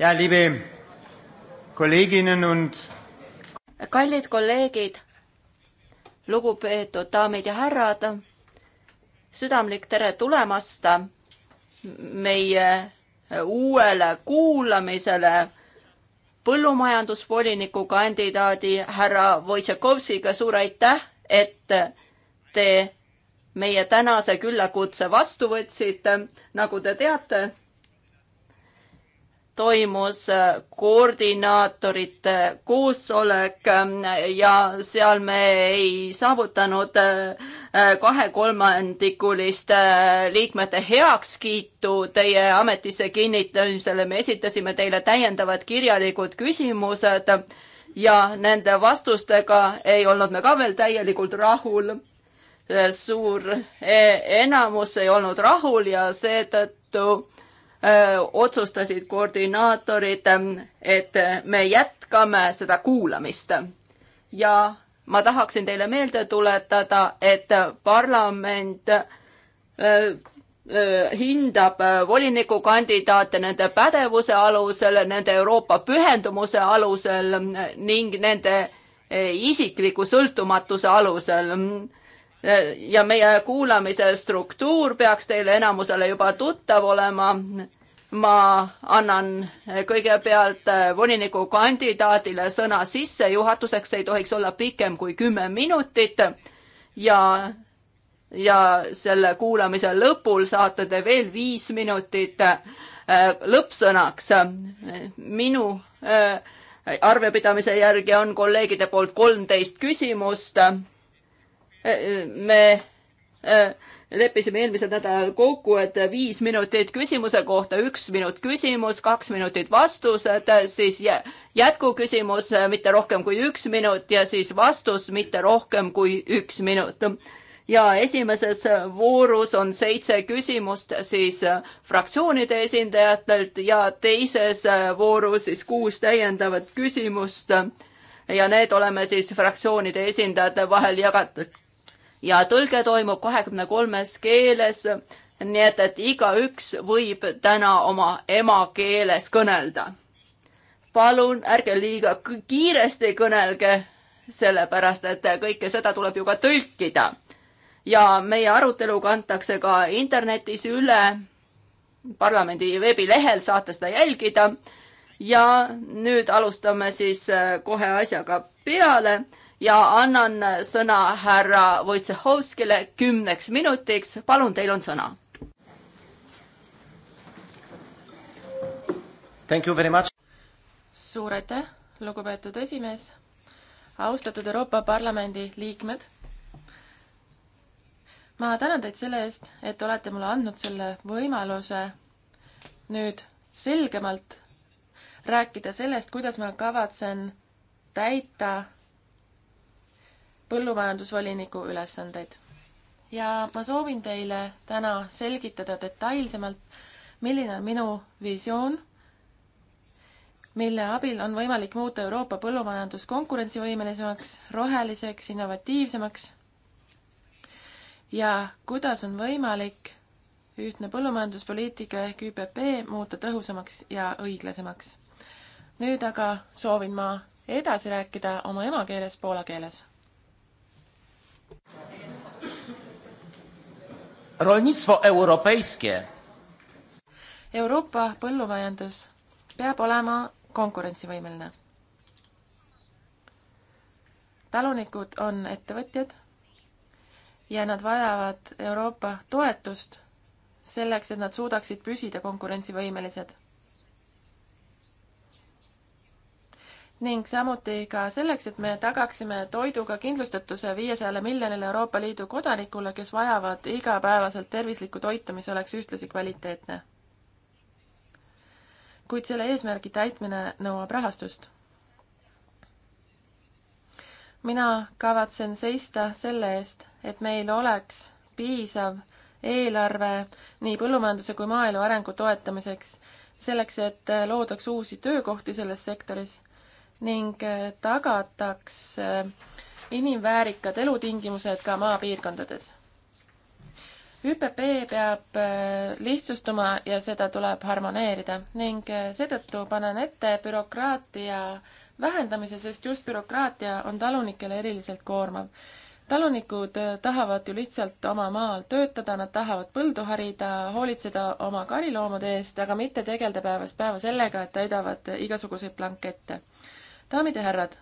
ja, liebe Kolleginnen und kallid kolleegid, lugupeetud daamid ja härrad, südamlik tere tulemast meie uuele kuulamisele põllumajandusvoliniku kandidaadi härra Wojtšakovskiga, suur aitäh, et te meie tänase küllakutse vastu võtsite. nagu te teate, toimus äh, koordinaatorite koosolek ähm, ja seal me ei saavutanud äh, kahekolmandikulist äh, liikmete heakskiitu teie ametisse kinnitamisele. me esitasime teile täiendavad kirjalikud küsimused ja nende vastustega ei olnud me ka veel täielikult rahul suur e, enamus ei olnud rahul ja seetõttu äh, otsustasid koordinaatorid, ähm, et me jätkame seda kuulamist. ja ma tahaksin teile meelde tuletada, et parlament hindab volinikukandidaate nende pädevuse alusel, nende Euroopa pühendumuse alusel ning nende e, isikliku sõltumatuse alusel ja meie kuulamise struktuur peaks teile enamusele juba tuttav olema. ma annan kõigepealt volinikukandidaadile sõna sissejuhatuseks, see ei tohiks olla pikem kui kümme minutit ja, ja selle kuulamise lõpul saate te veel viis minutit äh, lõppsõnaks. minu äh, arvepidamise järgi on kolleegide poolt kolmteist küsimust me äh, leppisime eelmisel nädalal kokku, et viis minutit küsimuse kohta, üks minut küsimus, kaks minutit vastused, siis jätkuküsimus äh, mitte rohkem kui üks minut ja siis vastus mitte rohkem kui üks minut. ja esimeses voorus on seitse küsimust siis äh, fraktsioonide esindajatelt ja teises voorus siis kuus täiendavat küsimust. ja need oleme siis fraktsioonide esindajate vahel jagatud ja tõlge toimub kahekümne kolmes keeles. nii et, et igaüks võib täna oma emakeeles kõnelda. palun ärge liiga kiiresti kõnelge, sellepärast et kõike seda tuleb ju ka tõlkida. ja meie arutelu kantakse ka internetis üle. parlamendi veebilehel saate seda jälgida. ja nüüd alustame siis kohe asjaga peale ja annan sõna härra Wojciechowskile kümneks minutiks. palun, teil on sõna. suur aitäh, lugupeetud esimees. austatud Euroopa Parlamendi liikmed. ma tänan teid selle eest, et olete mulle andnud selle võimaluse nüüd selgemalt rääkida sellest, kuidas ma kavatsen täita põllumajandusvoliniku ülesandeid. ja ma soovin teile täna selgitada detailsemalt, milline on minu visioon, mille abil on võimalik muuta Euroopa põllumajandus konkurentsivõimelisemaks, roheliseks, innovatiivsemaks ja kuidas on võimalik ühtne põllumajanduspoliitika ehk ÜPP muuta tõhusamaks ja õiglasemaks. nüüd aga soovin ma edasi rääkida oma emakeeles, poola keeles rolnictwo europejskie. Euroopa põllumajandus peab olema konkurentsivõimeline. talunikud on ettevõtjad ja nad vajavad Euroopa toetust selleks, et nad suudaksid püsida konkurentsivõimelised. ning samuti ka selleks, et me tagaksime toiduga kindlustatuse viiesajale miljonile Euroopa Liidu kodanikule, kes vajavad igapäevaselt tervislikku toitu, mis oleks ühtlasi kvaliteetne. kuid selle eesmärgi täitmine nõuab rahastust. mina kavatsen seista selle eest, et meil oleks piisav eelarve nii põllumajanduse kui maaelu arengu toetamiseks, selleks, et loodaks uusi töökohti selles sektoris ning äh, tagataks äh, inimväärikad elutingimused ka maapiirkondades. ÜPP peab äh, lihtsustuma ja seda tuleb harmoneerida ning seetõttu panen ette bürokraatia vähendamise, sest just bürokraatia on talunikele eriliselt koormav. talunikud tahavad ju lihtsalt oma maal töötada, nad tahavad põldu harida, hoolitseda oma kariloomade eest, aga mitte tegeleda päevast päeva sellega, et täidavad igasuguseid blankette daamid ja härrad,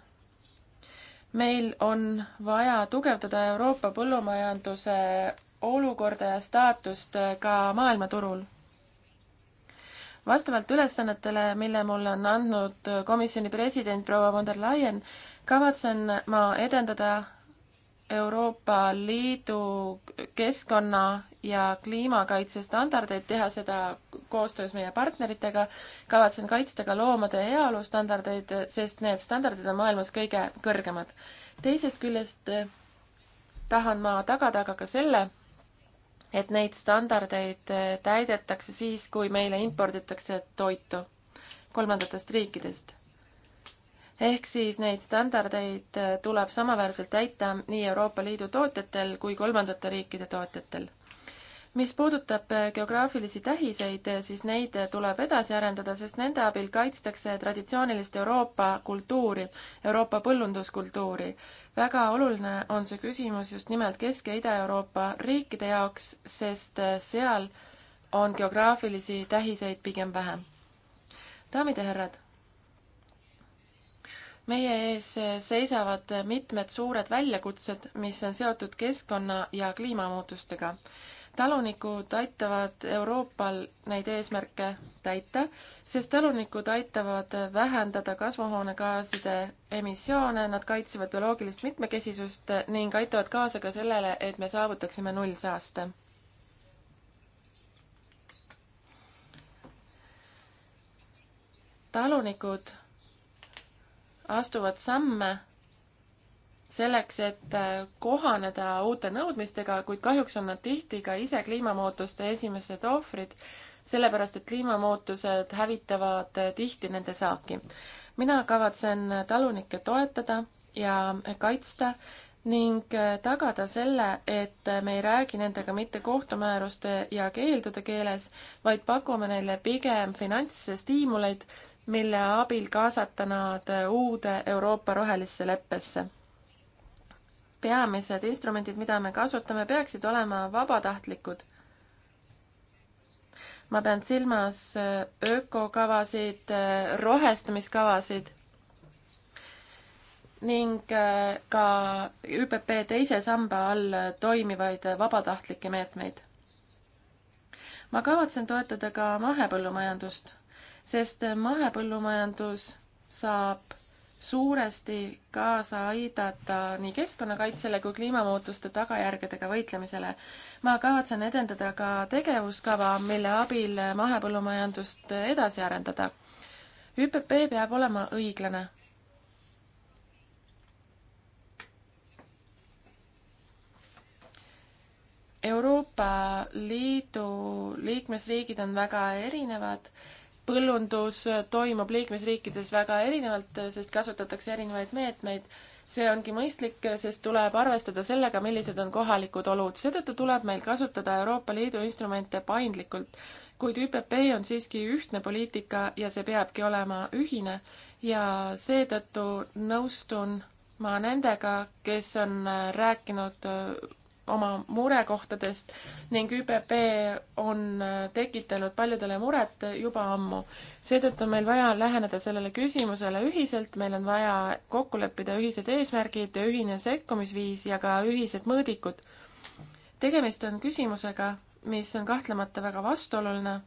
meil on vaja tugevdada Euroopa põllumajanduse olukorda ja staatust ka maailmaturul vastavalt ülesannetele, mille mulle on andnud komisjoni president proua von der Leyen, kavatsen ma edendada Euroopa Liidu keskkonna ja kliimakaitse standardeid, teha seda koostöös meie partneritega kavatsen kaitsta ka loomade heaolu standardeid, sest need standardid on maailmas kõige kõrgemad. teisest küljest eh, tahan ma tagada aga ka selle, et neid standardeid eh, täidetakse siis, kui meile imporditakse toitu kolmandatest riikidest. ehk siis neid standardeid eh, tuleb samaväärselt täita nii Euroopa Liidu tootjatel kui kolmandate riikide tootjatel mis puudutab äh, geograafilisi tähiseid, äh, siis neid äh, tuleb edasi arendada, sest nende abil kaitstakse traditsioonilist Euroopa kultuuri, Euroopa põllunduskultuuri. väga oluline on see küsimus just nimelt Kesk- ja Ida-Euroopa riikide jaoks, sest seal on geograafilisi tähiseid pigem vähem. daamid ja härrad meie ees seisavad mitmed suured väljakutsed, mis on seotud keskkonna ja kliimamuutustega talunikud aitavad Euroopal neid eesmärke täita, sest talunikud aitavad vähendada kasvuhoonegaaside emissioone, nad kaitsevad bioloogilist mitmekesisust ning aitavad kaasa ka sellele, et me saavutaksime nullsaaste. talunikud astuvad samme selleks, et äh, kohaneda uute nõudmistega, kuid kahjuks on nad tihti ka ise kliimamuutuste esimesed ohvrid, sellepärast et kliimamuutused hävitavad äh, tihti nende saaki. mina kavatsen talunikke toetada ja äh, kaitsta ning tagada selle, et me ei räägi nendega mitte kohtumääruste ja keeldude keeles, vaid pakume neile pigem finantsstiimuleid, mille abil kaasata nad uude Euroopa rohelisse leppesse peamised instrumendid, mida me kasutame, peaksid olema vabatahtlikud. ma pean silmas äh, ökokavasid, äh, rohestamiskavasid ning äh, ka ÜPP teise samba all toimivaid vabatahtlikke meetmeid. ma kavatsen toetada ka mahepõllumajandust, sest mahepõllumajandus saab suuresti kaasa aidata nii keskkonnakaitsele kui kliimamuutuste tagajärgedega võitlemisele. ma kavatsen edendada ka tegevuskava, mille abil mahepõllumajandust edasi arendada. ÜPP peab olema õiglane. Euroopa Liidu liikmesriigid on väga erinevad põllundus toimub liikmesriikides väga erinevalt, sest kasutatakse erinevaid meetmeid. see ongi mõistlik, sest tuleb arvestada sellega, millised on kohalikud olud. seetõttu tuleb meil kasutada Euroopa Liidu instrumente paindlikult, kuid ÜPP on siiski ühtne poliitika ja see peabki olema ühine ja seetõttu nõustun ma nendega, kes on rääkinud oma murekohtadest ning ÜPP on äh, tekitanud paljudele muret juba ammu. seetõttu on meil vaja läheneda sellele küsimusele ühiselt, meil on vaja kokku leppida ühised eesmärgid, ühine sekkumisviis ja ka ühised mõõdikud. tegemist on küsimusega, mis on kahtlemata väga vastuoluline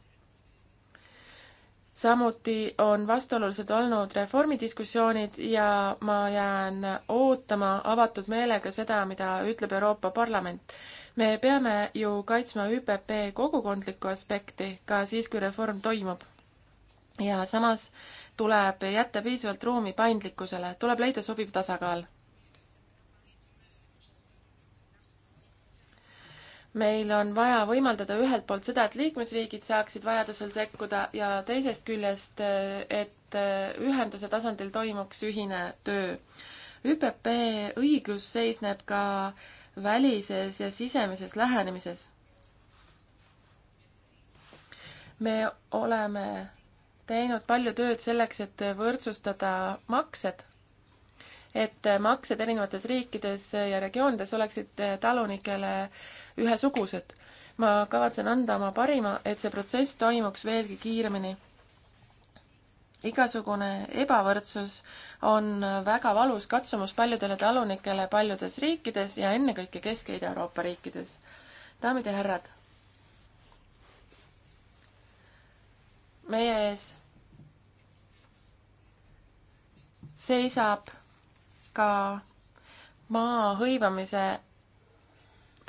samuti on vastuolulised olnud reformidiskussioonid ja ma jään ootama avatud meelega seda, mida ütleb Euroopa Parlament. me peame ju kaitsma ÜPP kogukondlikku aspekti ka siis, kui reform toimub. ja samas tuleb jätta piisavalt ruumi paindlikkusele, tuleb leida sobiv tasakaal meil on vaja võimaldada ühelt poolt seda, et liikmesriigid saaksid vajadusel sekkuda ja teisest küljest, et ühenduse tasandil toimuks ühine töö. ÜPP õiglus seisneb ka välises ja sisemises lähenemises. me oleme teinud palju tööd selleks, et võrdsustada maksed et maksed erinevates riikides ja regioonides oleksid talunikele ühesugused. ma kavatsen anda oma parima, et see protsess toimuks veelgi kiiremini. igasugune ebavõrdsus on väga valus katsumus paljudele talunikele paljudes riikides ja ennekõike Kesk- ja Ida-Euroopa riikides. daamid ja härrad, meie ees seisab ka maa hõivamise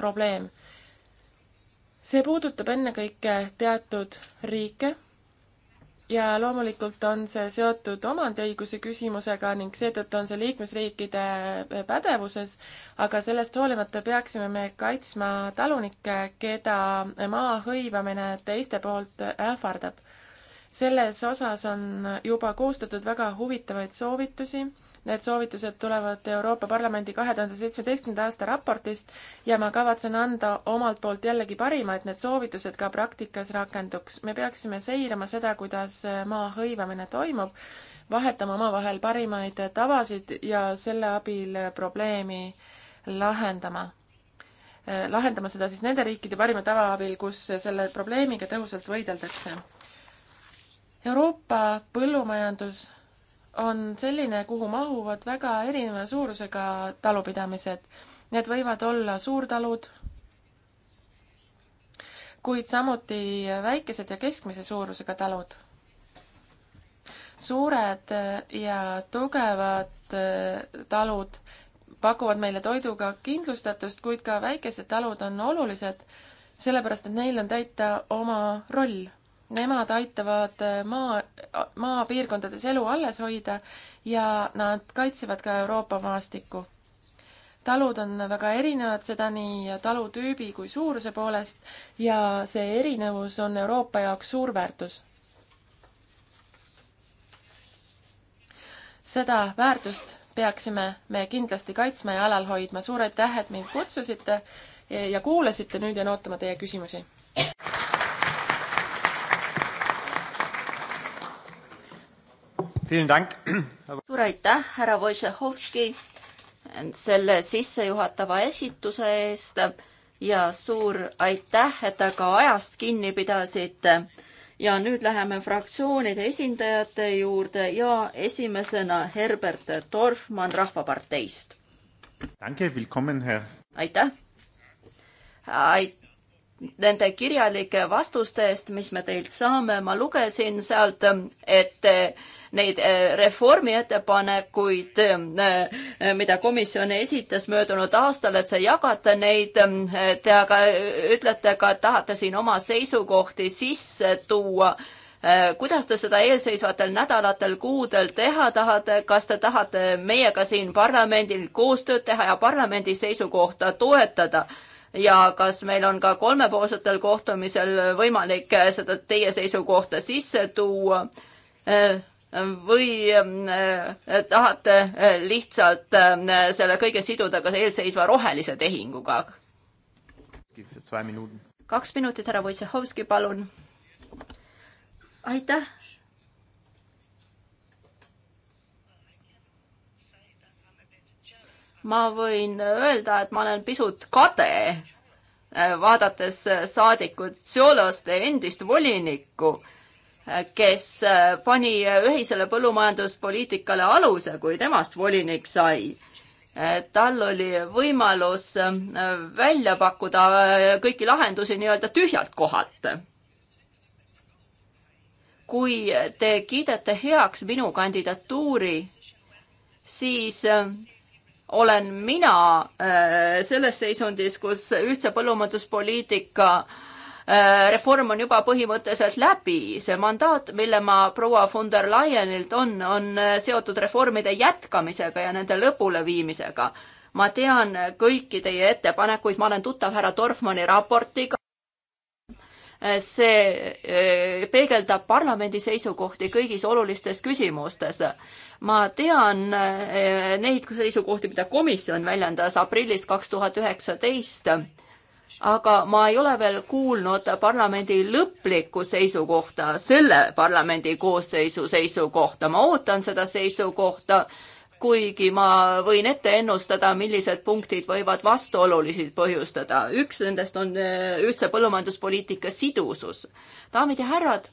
probleem. see puudutab ennekõike teatud riike ja loomulikult on see seotud omandiõiguse küsimusega ning seetõttu on see liikmesriikide pädevuses, aga sellest hoolimata peaksime me kaitsma talunikke, keda maa hõivamine teiste poolt ähvardab. selles osas on juba koostatud väga huvitavaid soovitusi Need soovitused tulevad Euroopa Parlamendi kahe tuhande seitsmeteistkümnenda aasta raportist ja ma kavatsen anda omalt poolt jällegi parima, et need soovitused ka praktikas rakenduks. me peaksime seirama seda, kuidas maa hõivamine toimub, vahetama omavahel parimaid tavasid ja selle abil probleemi lahendama lahendama seda siis nende riikide parima tava abil, kus selle probleemiga tõhusalt võideldakse. Euroopa põllumajandus on selline, kuhu mahuvad väga erineva suurusega talupidamised. Need võivad olla suurtalud, kuid samuti väikesed ja keskmise suurusega talud. suured ja tugevad äh, talud pakuvad meile toiduga kindlustatust, kuid ka väikesed talud on olulised, sellepärast et neil on täita oma roll nemad aitavad äh, maa, äh, maapiirkondades elu alles hoida ja nad kaitsevad ka Euroopa maastikku. talud on väga erinevad, seda nii talutüübi kui suuruse poolest ja see erinevus on Euroopa jaoks suur väärtus. seda väärtust peaksime me kindlasti kaitsma ja alal hoidma. suur aitäh, et mind kutsusite ja kuulasite, nüüd jään ootama teie küsimusi. suur aitäh, härra Wojciechowski, selle sissejuhatava esituse eest ja suur aitäh, et te ka ajast kinni pidasite. ja nüüd läheme fraktsioonide esindajate juurde ja esimesena Herbert Dorfmann Rahvaparteist. aitäh. aitäh nende kirjalike vastuste eest, mis me teilt saame. ma lugesin sealt, et neid eh, reformi ettepanekuid, eh, mida komisjon esitas möödunud aastal, et see jagate neid, eh, te aga ütlete ka, et tahate siin oma seisukohti sisse tuua kuidas te seda eelseisvatel nädalatel, kuudel teha tahate, kas te tahate meiega siin parlamendil koostööd teha ja parlamendi seisukohta toetada? ja kas meil on ka kolmepoolsetel kohtumisel võimalik seda teie seisukohta sisse tuua või eh, tahate eh, lihtsalt eh, selle kõige siduda ka eelseisva rohelise tehinguga? kaks minutit, härra Wojciechowski, palun. aitäh ma võin öelda, et ma olen pisut kade, äh, vaadates äh, saadikut Tšolost, endist volinikku, äh, kes pani ühisele põllumajanduspoliitikale aluse, kui temast volinik sai tal oli võimalus välja pakkuda kõiki lahendusi nii-öelda tühjalt kohalt. kui te kiidate heaks minu kandidatuuri, siis olen mina äh, selles seisundis, kus ühtse põllumajanduspoliitika äh, reform on juba põhimõtteliselt läbi, see mandaat, mille ma proua von der Leyenilt on, on äh, seotud reformide jätkamisega ja nende lõpuleviimisega. ma tean kõiki teie ettepanekuid, ma olen tuttav härra Dorfmanni raportiga. Äh, see äh, peegeldab parlamendi seisukohti kõigis olulistes küsimustes. ma tean äh, neid seisukohti, mida komisjon väljendas aprillis kaks tuhat üheksateist, aga ma ei ole veel kuulnud parlamendi lõplikku seisukohta, selle parlamendi koosseisu seisukohta, ma ootan seda seisukohta kuigi ma võin ette ennustada, millised punktid võivad vastuolulisi põhjustada. üks nendest on äh, ühtse põllumajanduspoliitika sidusus. daamid ja härrad,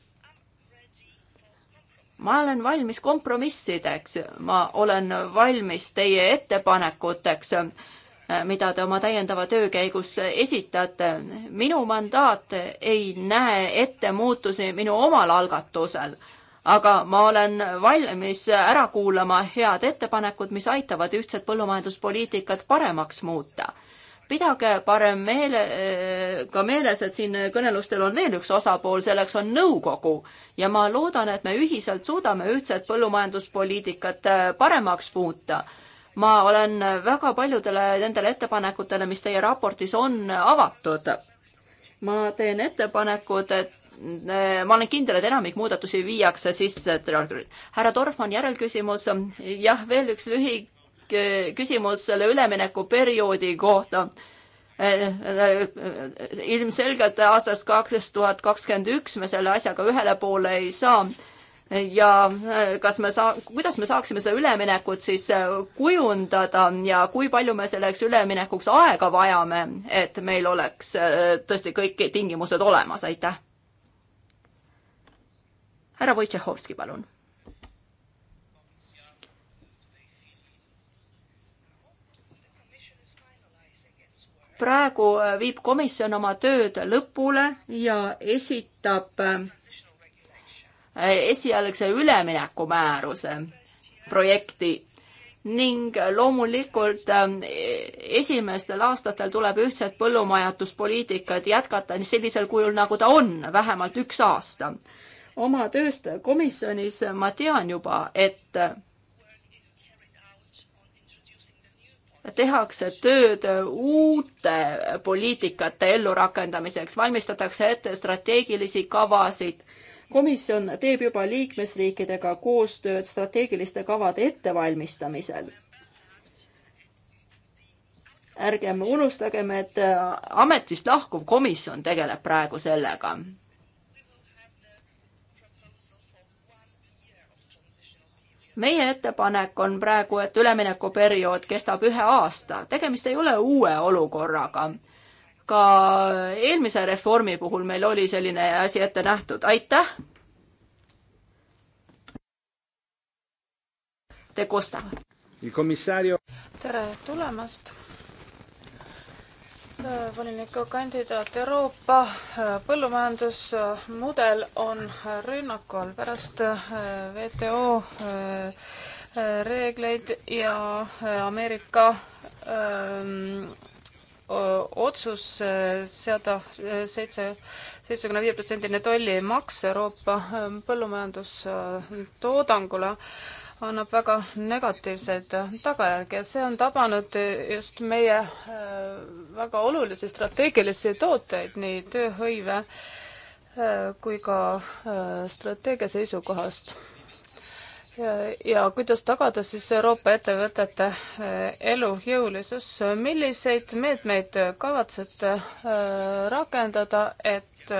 ma olen valmis kompromissideks, ma olen valmis teie ettepanekuteks äh, mida te oma täiendava töö käigus esitate. minu mandaat ei näe ette muutusi minu omal algatusel aga ma olen valmis ära kuulama head ettepanekud, mis aitavad ühtset põllumajanduspoliitikat paremaks muuta. pidage parem meele, ka meeles, et siin kõnelustel on veel üks osapool, selleks on nõukogu ja ma loodan, et me ühiselt suudame ühtset põllumajanduspoliitikat paremaks muuta ma olen väga paljudele nendele ettepanekutele, mis teie raportis on, avatud ma teen ettepanekud, et Äh, ma olen kindel, et enamik muudatusi viiakse sisse. härra Dorfmann, järelküsimus. jah, veel üks lühike küsimus selle üleminekuperioodi kohta äh, äh, ilmselgelt aastast kaks tuhat kakskümmend üks me selle asjaga ühele poole ei saa. ja kas me saa-, kuidas me saaksime seda üleminekut siis kujundada ja kui palju me selleks üleminekuks aega vajame, et meil oleks tõesti kõik tingimused olemas, aitäh härra Wojtšehovski, palun. praegu äh, viib komisjon oma tööd lõpule ja esitab äh, esialgse üleminekumääruse projekti ning loomulikult äh, esimestel aastatel tuleb ühtset põllumajanduspoliitikat jätkata sellisel kujul, nagu ta on, vähemalt üks aasta oma tööst komisjonis ma tean juba, et tehakse tööd uute poliitikate ellurakendamiseks, valmistatakse ette strateegilisi kavasid. komisjon teeb juba liikmesriikidega koostööd strateegiliste kavade ettevalmistamisel ärgem unustagem, et ametist lahkuv komisjon tegeleb praegu sellega. meie ettepanek on praegu, et üleminekuperiood kestab ühe aasta, tegemist ei ole uue olukorraga. ka eelmise reformi puhul meil oli selline asi ette nähtud, aitäh. Te Costa. tere tulemast voliniku kandidaat, Euroopa äh, põllumajandusmudel on äh, rünnaku all pärast äh, WTO reegleid ja Ameerika ähm, otsus seada seitse, seitsmekümne viie protsendine tollimaks Euroopa põllumajandustoodangule annab väga negatiivseid tagajärgi ja see on tabanud just meie äh, väga olulisi strateegilisi tooteid, nii tööhõive äh, kui ka äh, strateegia seisukohast. ja kuidas tagada siis Euroopa ettevõtete elujõulisus, milliseid meetmeid kavatsete rakendada, et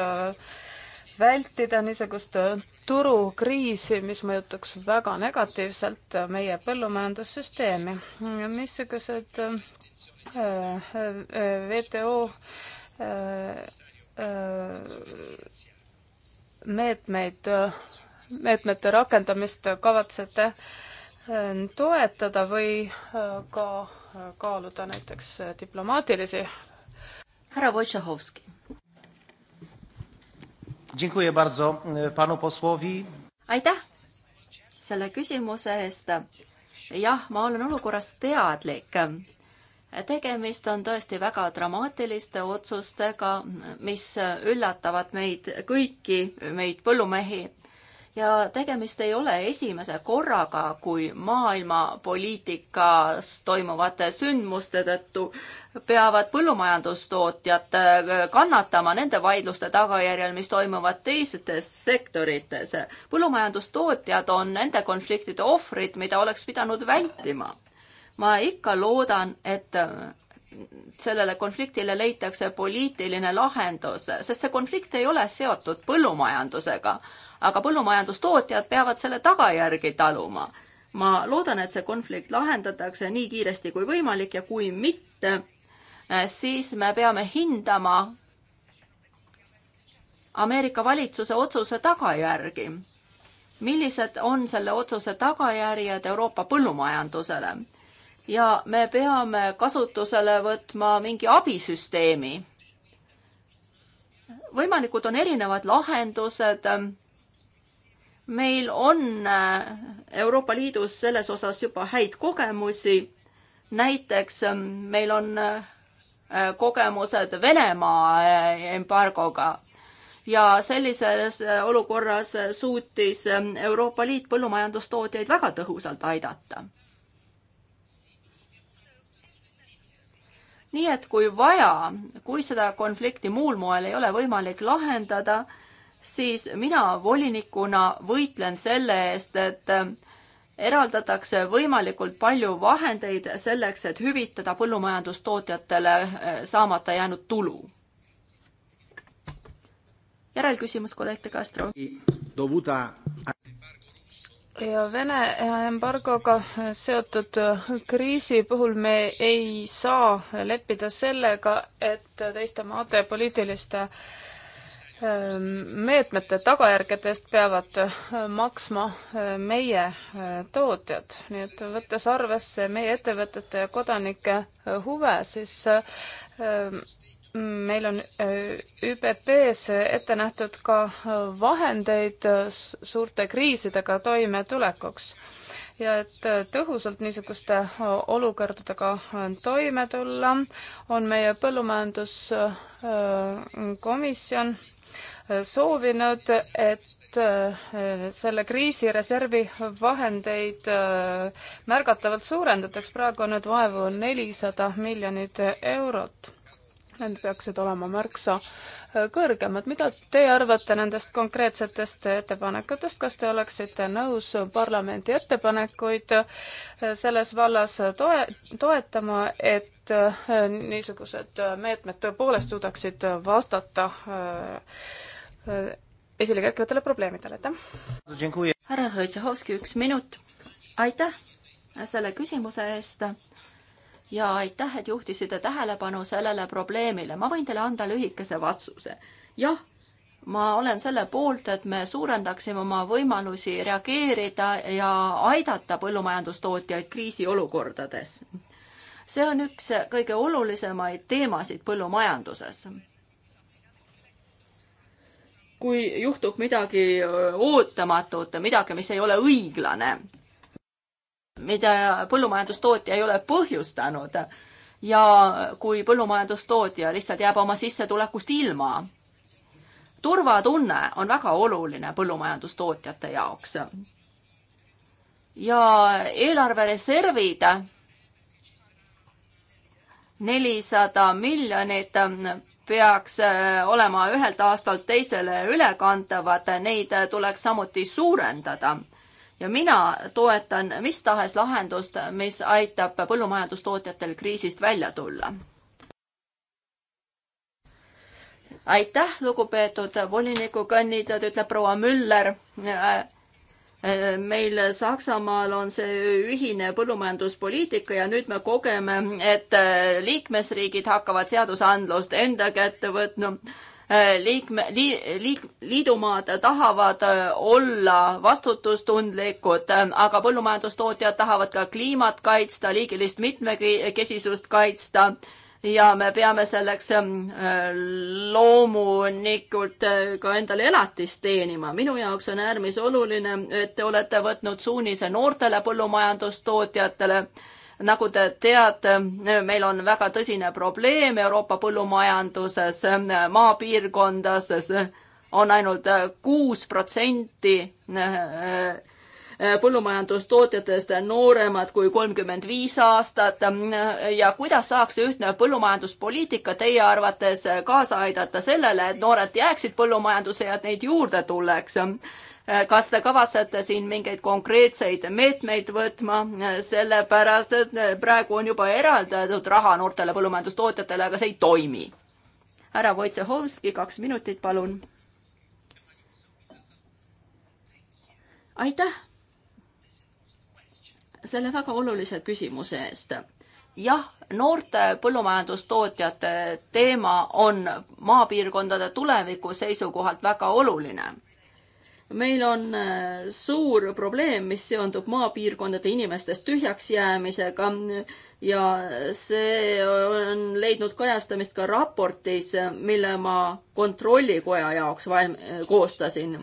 vältida niisugust turukriisi, mis mõjutaks väga negatiivselt meie põllumajandussüsteemi. missugused äh, äh, WTO äh, meetmeid, meetmete rakendamist kavatsete toetada või ka kaaluda näiteks diplomaatilisi? härra Wojciechowski E, aitäh selle küsimuse eest. jah, ma olen olukorrast teadlik tegemist on tõesti väga dramaatiliste otsustega, mis üllatavad meid kõiki, meid põllumehi ja tegemist ei ole esimese korraga, kui maailma poliitikas toimuvate sündmuste tõttu peavad põllumajandustootjad äh, kannatama nende vaidluste tagajärjel, mis toimuvad teistes sektorites. põllumajandustootjad on nende konfliktide ohvrid, mida oleks pidanud vältima. ma ikka loodan, et sellele konfliktile leitakse poliitiline lahendus, sest see konflikt ei ole seotud põllumajandusega, aga põllumajandustootjad peavad selle tagajärgi taluma. ma loodan, et see konflikt lahendatakse nii kiiresti kui võimalik ja kui mitte, eh, siis me peame hindama Ameerika valitsuse otsuse tagajärgi. millised on selle otsuse tagajärjed Euroopa põllumajandusele ja me peame kasutusele võtma mingi abisüsteemi. võimalikud on erinevad lahendused. meil on äh, Euroopa Liidus selles osas juba häid kogemusi. näiteks ähm, meil on äh, kogemused Venemaa äh, embargoga ja sellises olukorras suutis ähm, Euroopa Liit põllumajandustootjaid väga tõhusalt aidata nii et kui vaja, kui seda konflikti muul moel ei ole võimalik lahendada, siis mina volinikuna võitlen selle eest, et äh, eraldatakse võimalikult palju vahendeid selleks, et hüvitada põllumajandustootjatele äh, saamata jäänud tulu. järelküsimus kolleeg De Castro. Dovuta ja Vene embargoga seotud äh, kriisi puhul me ei saa leppida sellega, et teiste maade poliitiliste ähm, meetmete tagajärgedest peavad äh, maksma äh, meie tootjad. nii et võttes arvesse meie ettevõtete ja kodanike huve, siis meil on äh, ÜPP-s ette nähtud ka äh, vahendeid äh, suurte kriisidega toimetulekuks ja et tõhusalt niisuguste olukordadega toime tulla, on meie põllumajanduskomisjon soovinud, et selle kriisireservi vahendeid märgatavalt suurendataks, praegu on nüüd vaevu nelisada miljonit eurot need peaksid olema märksa äh, kõrgemad. mida teie arvate nendest konkreetsetest ettepanekutest, kas te oleksite nõus parlamendi ettepanekuid äh, selles vallas toe, toetama, et äh, niisugused meetmed tõepoolest suudaksid vastata esile kerkivatele probleemidele, aitäh! härra Hõitsehovski, üks minut. aitäh selle küsimuse eest ja aitäh, et juhtisite tähelepanu sellele probleemile. ma võin teile anda lühikese vastuse. jah, ma olen selle poolt, et me suurendaksime oma võimalusi reageerida ja aidata põllumajandustootjaid kriisiolukordades. see on üks kõige olulisemaid teemasid põllumajanduses kui juhtub midagi ootamatut, midagi, mis ei ole õiglane, mida põllumajandustootja ei ole põhjustanud. ja kui põllumajandustootja lihtsalt jääb oma sissetulekust ilma, turvatunne on väga oluline põllumajandustootjate jaoks. ja eelarvereservid, nelisada miljonit peaks äh, olema ühelt aastalt teisele ülekantavad, neid äh, tuleks samuti suurendada ja mina toetan mis tahes lahendust, mis aitab põllumajandustootjatel kriisist välja tulla. aitäh, lugupeetud volinikukandidaat, ütleb proua Müller meil Saksamaal on see ühine põllumajanduspoliitika ja nüüd me kogeme, et liikmesriigid hakkavad seadusandlust enda kätte võtma no, Äh, liikme li,, liik, liidumaad tahavad äh, olla vastutustundlikud, ähm, aga põllumajandustootjad tahavad ka kliimat kaitsta, liigilist mitmekesisust kaitsta ja me peame selleks ähm, äh, loomulikult ka endale elatist teenima. minu jaoks on äärmis oluline, et te olete võtnud suunise noortele põllumajandustootjatele nagu te teate, meil on väga tõsine probleem Euroopa põllumajanduses, maapiirkondades on ainult kuus protsenti Äh, põllumajandustootjatest nooremad kui kolmkümmend viis aastat ja kuidas saaks ühtne põllumajanduspoliitika teie arvates kaasa aidata sellele, et noored jääksid põllumajanduse ja et neid juurde tuleks? Äh, kas te kavatsete siin mingeid konkreetseid meetmeid võtma, äh, sellepärast et praegu on juba eraldatud raha noortele põllumajandustootjatele, aga see ei toimi. härra Wojciechowski, kaks minutit, palun. aitäh selle väga olulise küsimuse eest. jah, noorte põllumajandustootjate teema on maapiirkondade tuleviku seisukohalt väga oluline meil on äh, suur probleem, mis seondub maapiirkondade inimestest tühjaks jäämisega ja see on leidnud kajastamist ka raportis, mille ma kontrollikoja jaoks valm-, koostasin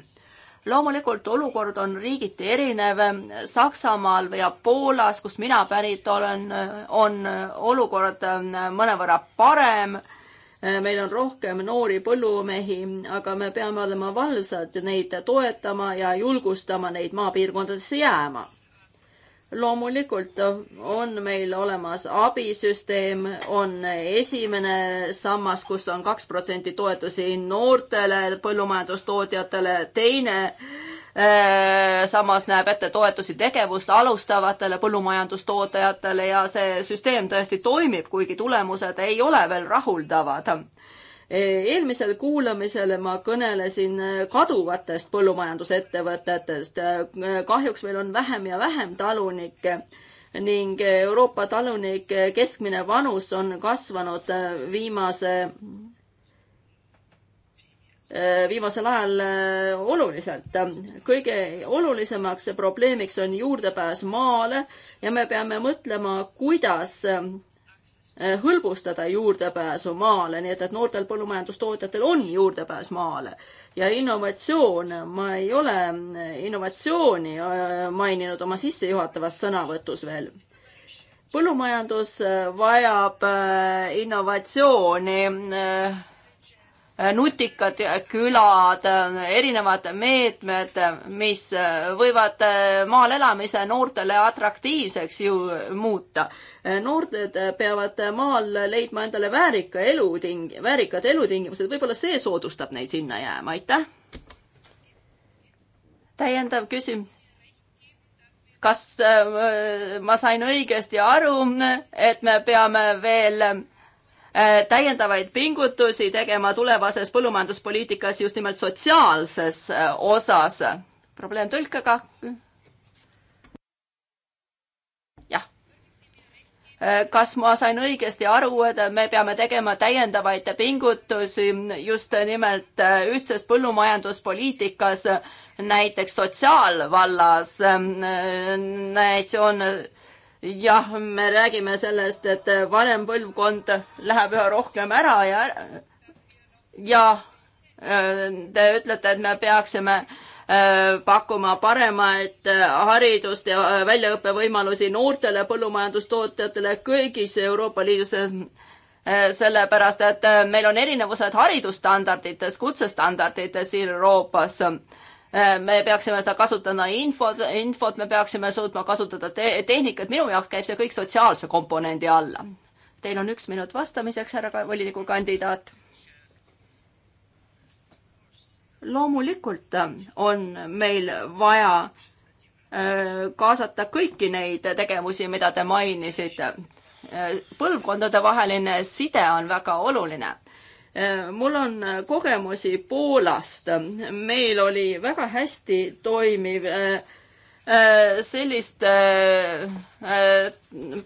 loomulikult olukord on riigiti erinev. Saksamaal ja Poolas, kust mina pärit olen, on olukord äh, mõnevõrra parem. Äh, meil on rohkem noori põllumehi, aga me peame olema valvsad neid toetama ja julgustama neid maapiirkondadesse jääma loomulikult on meil olemas abisüsteem, on esimene sammas, kus on kaks protsenti toetusi noortele põllumajandustootjatele, teine äh, samas näeb ette toetusi tegevust alustavatele põllumajandustootjatele ja see süsteem tõesti toimib, kuigi tulemused ei ole veel rahuldavad eelmisel kuulamisel ma kõnelesin äh, kaduvatest põllumajandusettevõtetest. Äh, kahjuks meil on vähem ja vähem talunikke ning Euroopa talunike keskmine vanus on kasvanud äh, viimase, viimasel ajal oluliselt. kõige olulisemaks probleemiks on juurdepääs maale ja me peame mõtlema, kuidas Äh, hõlbustada juurdepääsu maale, nii et, et noortel põllumajandustootjatel on juurdepääs maale. ja innovatsioon, ma ei ole äh, innovatsiooni äh, maininud oma sissejuhatavas sõnavõtus veel. põllumajandus vajab innovatsiooni Äh, nutikad külad, äh, erinevad meetmed, mis äh, võivad maal elamise noortele atraktiivseks ju muuta. noored peavad maal leidma endale väärika eluting-, väärikad elutingimused, võib-olla see soodustab neid sinna jääma, aitäh. täiendav küsimus kas ma sain õigesti aru, et me peame veel Äh, täiendavaid pingutusi tegema tulevases põllumajanduspoliitikas just nimelt sotsiaalses äh, osas. probleem tõlkega? jah. Äh, kas ma sain õigesti aru, et me peame tegema täiendavaid pingutusi just nimelt ühtses põllumajanduspoliitikas, näiteks sotsiaalvallas, näiteks on jah, me räägime sellest, et vanem põlvkond läheb üha rohkem ära ja, ja äh, te ütlete, et me peaksime äh, pakkuma paremaid äh, haridust ja väljaõppevõimalusi noortele põllumajandustootjatele kõigis Euroopa Liidus sellepärast, et meil on erinevused haridusstandardites, kutsestandardites siin Euroopas Äh, me peaksime seda kasutama infot, infot, me peaksime suutma kasutada te tehnikat, minu jaoks käib see kõik sotsiaalse komponendi alla. Teil on üks minut vastamiseks, härra volinikukandidaat. loomulikult äh, on meil vaja äh, kaasata kõiki neid tegevusi, mida te mainisite. põlvkondadevaheline side on väga oluline mul on äh, kogemusi Poolast. meil oli väga hästi toimiv äh, äh, selliste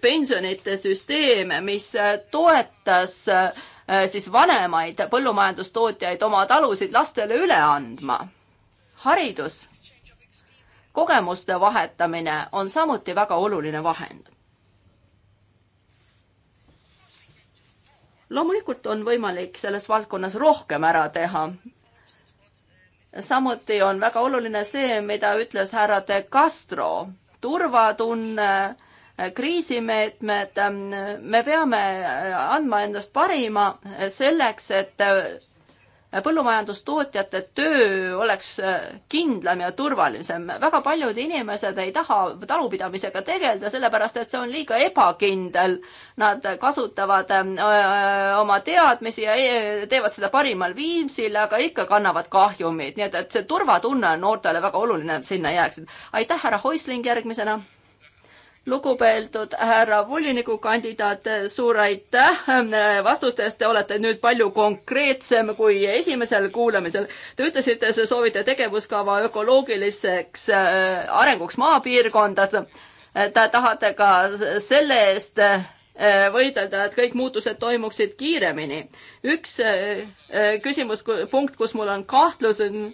pensionite süsteem, mis toetas siis vanemaid põllumajandustootjaid oma talusid lastele üle andma. haridus, kogemuste vahetamine on samuti väga oluline vahend loomulikult on võimalik selles valdkonnas rohkem ära teha. samuti on väga oluline see, mida ütles härra De Castro, turvatunne, kriisimeetmed, me peame andma endast parima selleks, et põllumajandustootjate töö oleks äh, kindlam ja turvalisem. väga paljud inimesed ei taha talupidamisega tegeleda, sellepärast et see on liiga ebakindel. Nad kasutavad äh, äh, oma teadmisi ja teevad seda parimal viimsil, aga ikka kannavad kahjumit, nii et, et see turvatunne on noortele väga oluline, et sinna jääksid. aitäh, härra Hoisling, järgmisena lugupeetud härra volinikukandidaat, suur aitäh vastuste eest, te olete nüüd palju konkreetsem kui esimesel kuulamisel. Te ütlesite, te soovite tegevuskava ökoloogiliseks äh, arenguks maapiirkondades. Te tahate ka selle eest äh, võidelda, et kõik muutused toimuksid kiiremini. üks äh, küsimus, punkt, kus mul on kahtlus, on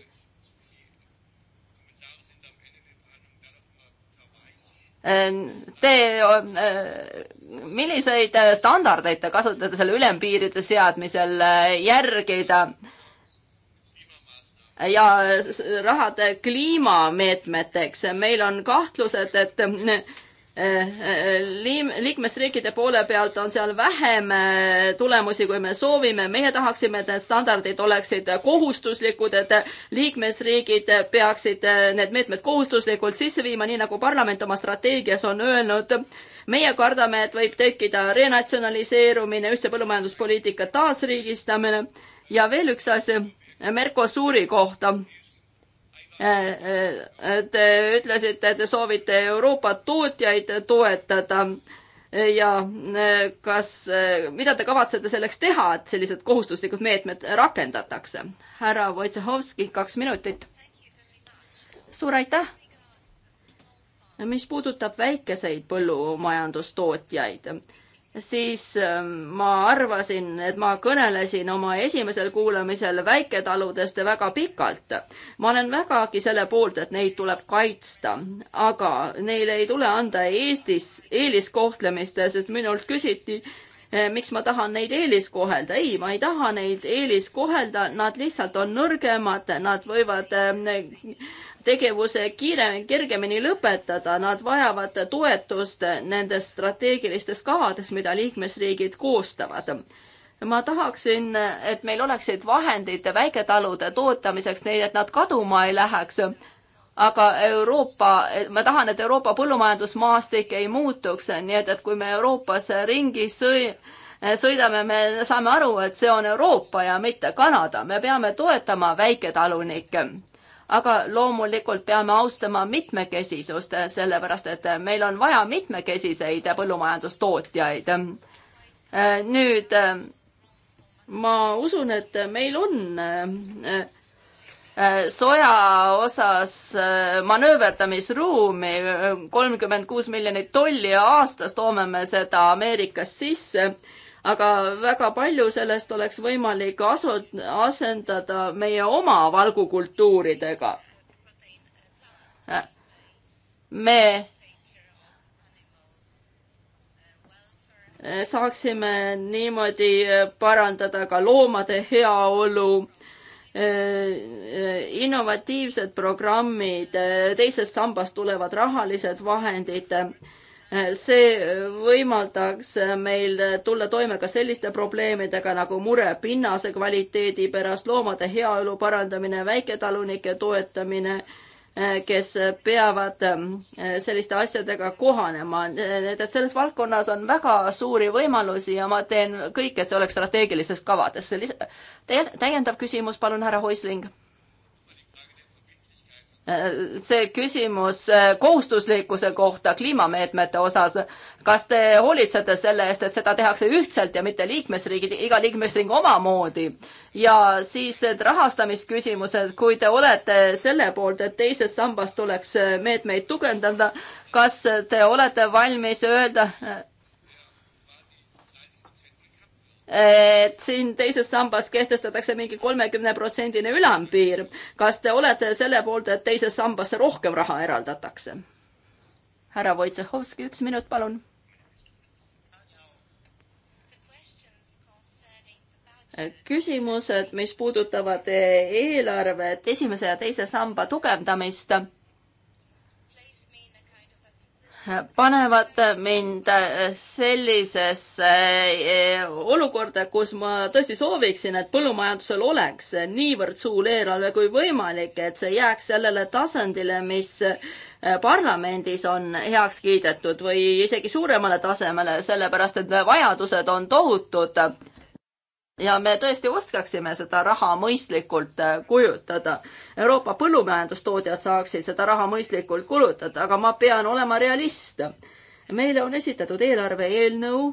Äh, te, äh, milliseid äh, standardeid te kasutate selle ülempiiride seadmisel järgida? ja rahade kliimameetmeteks, meil on kahtlused, et Äh, äh, liim-, liikmesriikide poole pealt on seal vähem äh, tulemusi, kui me soovime, meie tahaksime, et need standardid oleksid kohustuslikud, et liikmesriigid peaksid need meetmed kohustuslikult sisse viima, nii nagu parlament oma strateegias on öelnud. meie kardame, et võib tekkida renatsionaliseerumine, ühtse põllumajanduspoliitika taasriigistamine ja veel üks asi Mercosuri kohta Äh, äh, te ütlesite, et te soovite Euroopa tootjaid toetada ja äh, kas, mida te kavatsete selleks teha, et sellised kohustuslikud meetmed rakendatakse? härra Wojciechowski, kaks minutit. suur aitäh! mis puudutab väikeseid põllumajandustootjaid siis ähm, ma arvasin, et ma kõnelesin oma esimesel kuulamisel väiketaludest väga pikalt. ma olen vägagi selle poolt, et neid tuleb kaitsta, aga neile ei tule anda Eestis eeliskohtlemist, sest minult küsiti, eh, miks ma tahan neid eeliskohelda. ei, ma ei taha neid eeliskohelda, nad lihtsalt on nõrgemad, nad võivad äh, tegevuse kiire, kergemini lõpetada, nad vajavad toetust nendes strateegilistes kavades, mida liikmesriigid koostavad ma tahaksin, et meil oleksid vahendid väiketalude tootamiseks, nii et nad kaduma ei läheks. aga Euroopa, ma tahan, et Euroopa põllumajandusmaastik ei muutuks, nii et, et kui me Euroopas ringi sõi-, sõidame, me saame aru, et see on Euroopa ja mitte Kanada. me peame toetama väiketalunikke aga loomulikult peame austama mitmekesisust, sellepärast et meil on vaja mitmekesiseid põllumajandustootjaid. nüüd ma usun, et meil on äh, soja osas äh, manööverdamisruumi, kolmkümmend kuus miljonit tolli aastas toome me seda Ameerikast sisse aga väga palju sellest oleks võimalik asu-, asendada meie oma valgukultuuridega. me saaksime niimoodi parandada ka loomade heaolu innovatiivsed programmid, teisest sambast tulevad rahalised vahendid see äh, võimaldaks äh, meil äh, tulla toime ka selliste probleemidega nagu mure pinnase kvaliteedi pärast, loomade heaolu parandamine, väiketalunike toetamine, kes peavad selliste asjadega kohanema. et, et selles valdkonnas on väga suuri võimalusi ja ma teen kõik, et see oleks strateegilistes kavades. täiendav küsimus, palun, härra Hoisling see küsimus äh, kohustuslikkuse kohta kliimameetmete osas, kas te hoolitsete selle eest, et seda tehakse ühtselt ja mitte liikmesriigid, iga liikmesriik omamoodi? ja siis need rahastamisküsimused, kui te olete selle poolt, et teisest sambast tuleks meetmeid tugevdada, kas te olete valmis öelda, et siin teises sambas kehtestatakse mingi kolmekümneprotsendine ülempiir. kas te olete selle poolt, et teise sambasse rohkem raha eraldatakse? härra Wojciechowski, üks minut, palun. küsimused, mis puudutavad eelarvet, esimese ja teise samba tugevdamist panevad mind sellisesse eh, olukorda, kus ma tõesti sooviksin, et põllumajandusel oleks niivõrd suur eelarve kui võimalik, et see jääks sellele tasandile, mis eh, parlamendis on heaks kiidetud või isegi suuremale tasemele, sellepärast et vajadused on tohutud ja me tõesti oskaksime seda raha mõistlikult äh, kujutada. Euroopa põllumajandustootjad saaksid seda raha mõistlikult kulutada, aga ma pean olema realist. meile on esitatud eelarve eelnõu.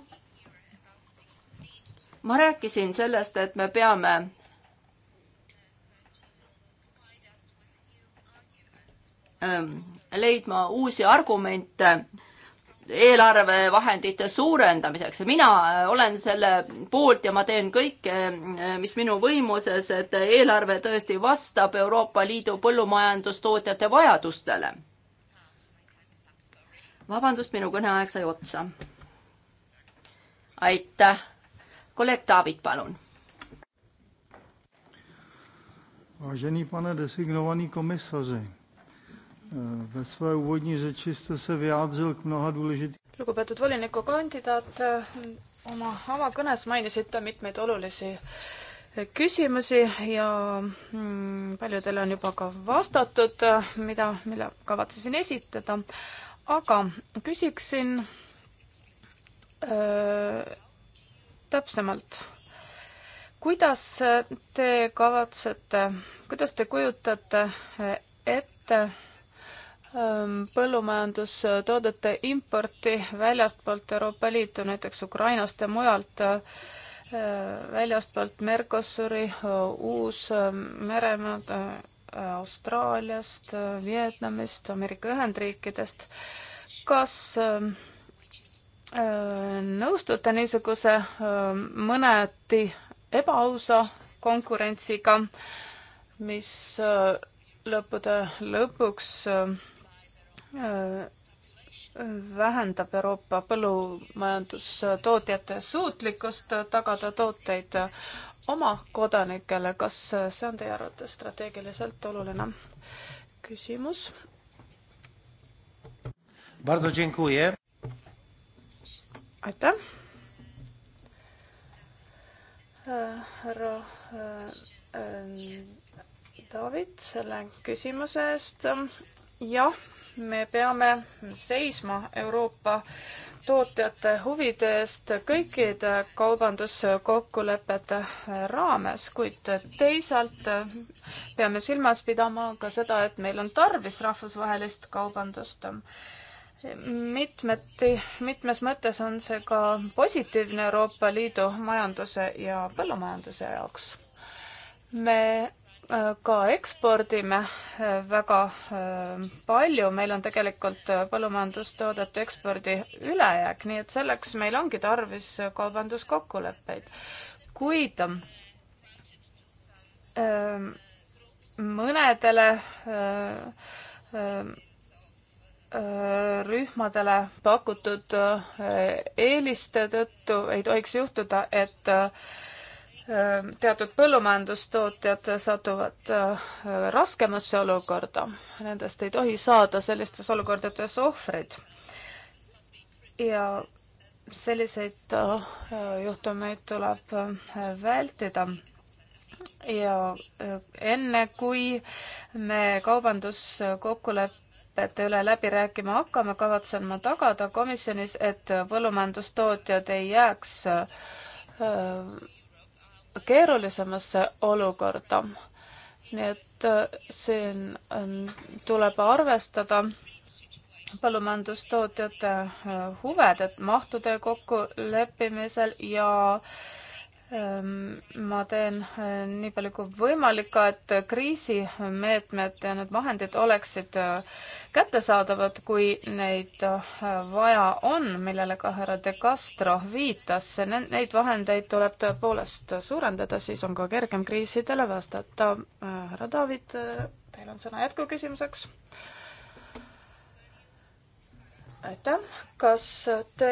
ma rääkisin sellest, et me peame ähm, leidma uusi argumente eelarvevahendite suurendamiseks. mina äh, olen selle poolt ja ma teen kõike, äh, mis minu võimuses, et eelarve tõesti vastab Euroopa Liidu põllumajandustootjate vajadustele. vabandust, minu kõneaeg sai otsa. aitäh. kolleeg David, palun. Vážený pane designovaný komisaři, Ve své úvodní řeči jste se vyjádřil k mnoha důležitým... Lugupeetud volinikukandidaat, oma avakõnes mainisite mitmeid olulisi küsimusi ja mm, paljudele on juba ka vastatud, mida, mille kavatsesin esitada, aga küsiksin öö, täpsemalt kuidas te kavatsete, kuidas te kujutate ette põllumajandustoodete importi väljastpoolt Euroopa Liitu, näiteks Ukrainast ja mujalt, väljastpoolt Mercosuri, Uus-Meremaad, Austraaliast, Vietnamist, Ameerika Ühendriikidest. kas nõustute niisuguse mõneti ebaausa konkurentsiga, mis lõppude lõpuks äh, vähendab Euroopa põllumajandustootjate suutlikkust tagada tooteid oma kodanikele. kas see on teie arvates strateegiliselt oluline küsimus? aitäh. härra äh, David selle küsimuse eest. jah me peame seisma Euroopa tootjate huvide eest kõikide kaubanduskokkulepete raames, kuid teisalt peame silmas pidama ka seda, et meil on tarvis rahvusvahelist kaubandust. mitmeti, mitmes mõttes on see ka positiivne Euroopa Liidu majanduse ja põllumajanduse jaoks. me ka ekspordime äh, väga äh, palju, meil on tegelikult äh, põllumajandustoodete ekspordi ülejääk, nii et selleks meil ongi tarvis kaubanduskokkuleppeid. kuid ähm, mõnedele rühmadele pakutud eeliste tõttu ei tohiks juhtuda, et Ehm, teatud põllumajandustootjad satuvad ehm, raskemasse olukorda, nendest ei tohi saada sellistes olukordades ohvreid. ja selliseid ehm, juhtumeid tuleb vältida. ja enne, kui me kaubanduskokkuleppe kokkulepete üle läbi rääkima hakkame, kavatsen ma tagada komisjonis, et põllumajandustootjad ei jääks keerulisemasse olukorda. nii et äh, siin äh, tuleb arvestada põllumajandustootjate äh, huved, et mahtude kokkuleppimisel ja äh, Ehm, ma teen eh, nii palju kui võimalik, et kriisimeetmed ja need vahendid oleksid eh, kättesaadavad, kui neid eh, vaja on, millele ka härra De Castro viitas. Neid vahendeid tuleb tõepoolest suurendada, siis on ka kergem kriisidele vastata. härra David, teil on sõna jätkuküsimuseks aitäh, kas te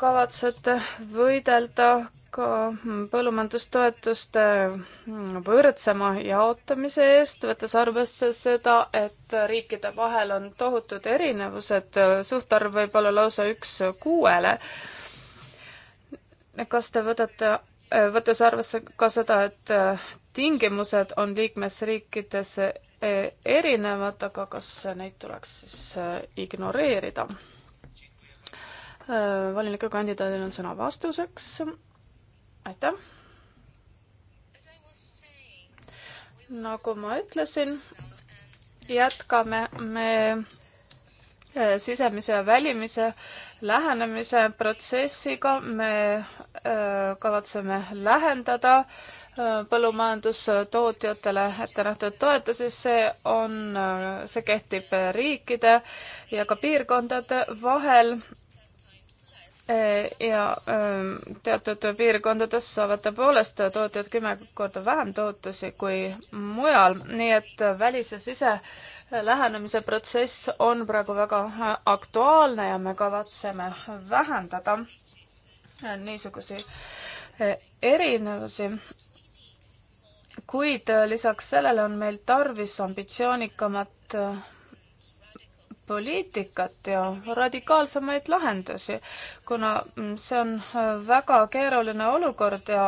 kavatsete võidelda ka põllumajandustoetuste võrdsema jaotamise eest, võttes arvesse seda, et riikide vahel on tohutud erinevused, suhtarv võib olla lausa üks kuuele. kas te võtate, võttes arvesse ka seda, et tingimused on liikmesriikides erinevad, aga kas neid tuleks siis ignoreerida? volinikukandidaadil on sõna vastuseks aitäh. nagu ma ütlesin, jätkame me äh, sisemise ja välimise lähenemise protsessiga. me äh, kavatseme lähendada äh, põllumajandustootjatele ette nähtud toetusi, see on, see kehtib riikide ja ka piirkondade vahel E, ja e, teatud piirkondades saavad tõepoolest tootjad kümme korda vähem tootusi kui mujal, nii et välis- ja siselähenemise protsess on praegu väga aktuaalne ja me kavatseme vähendada niisuguseid erinevusi. kuid e, lisaks sellele on meil tarvis ambitsioonikamat poliitikat ja radikaalsemaid lahendusi, kuna see on väga keeruline olukord ja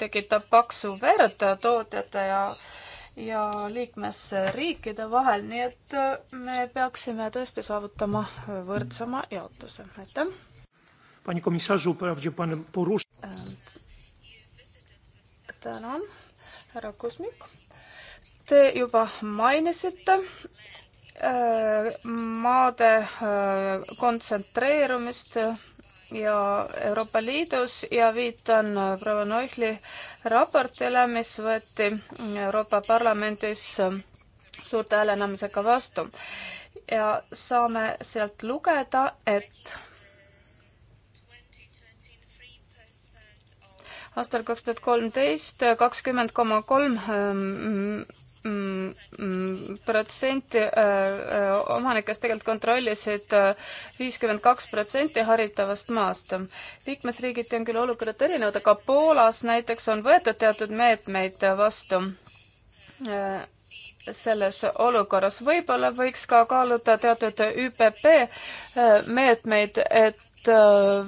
tekitab paksu verd tootjate ja ja liikmesriikide vahel, nii et me peaksime tõesti saavutama võrdsema jaotuse, aitäh. tänan, härra Kusmik. Te juba mainisite Äh, maade äh, kontsentreerumist ja Euroopa Liidus ja viitan äh, proua Neuchli raportile, mis võeti Euroopa Parlamendis suurte häälenemisega vastu. ja saame sealt lugeda, et aastal kaks tuhat kolmteist kakskümmend koma kolm ähm, protsenti äh, äh, omanikest tegelikult kontrollisid äh, viiskümmend kaks protsenti haritavast maast. liikmesriigiti on küll olukorrad erinevad, aga Poolas näiteks on võetud teatud meetmeid vastu selles olukorras. võib-olla võiks ka kaaluda teatud ÜPP meetmeid, et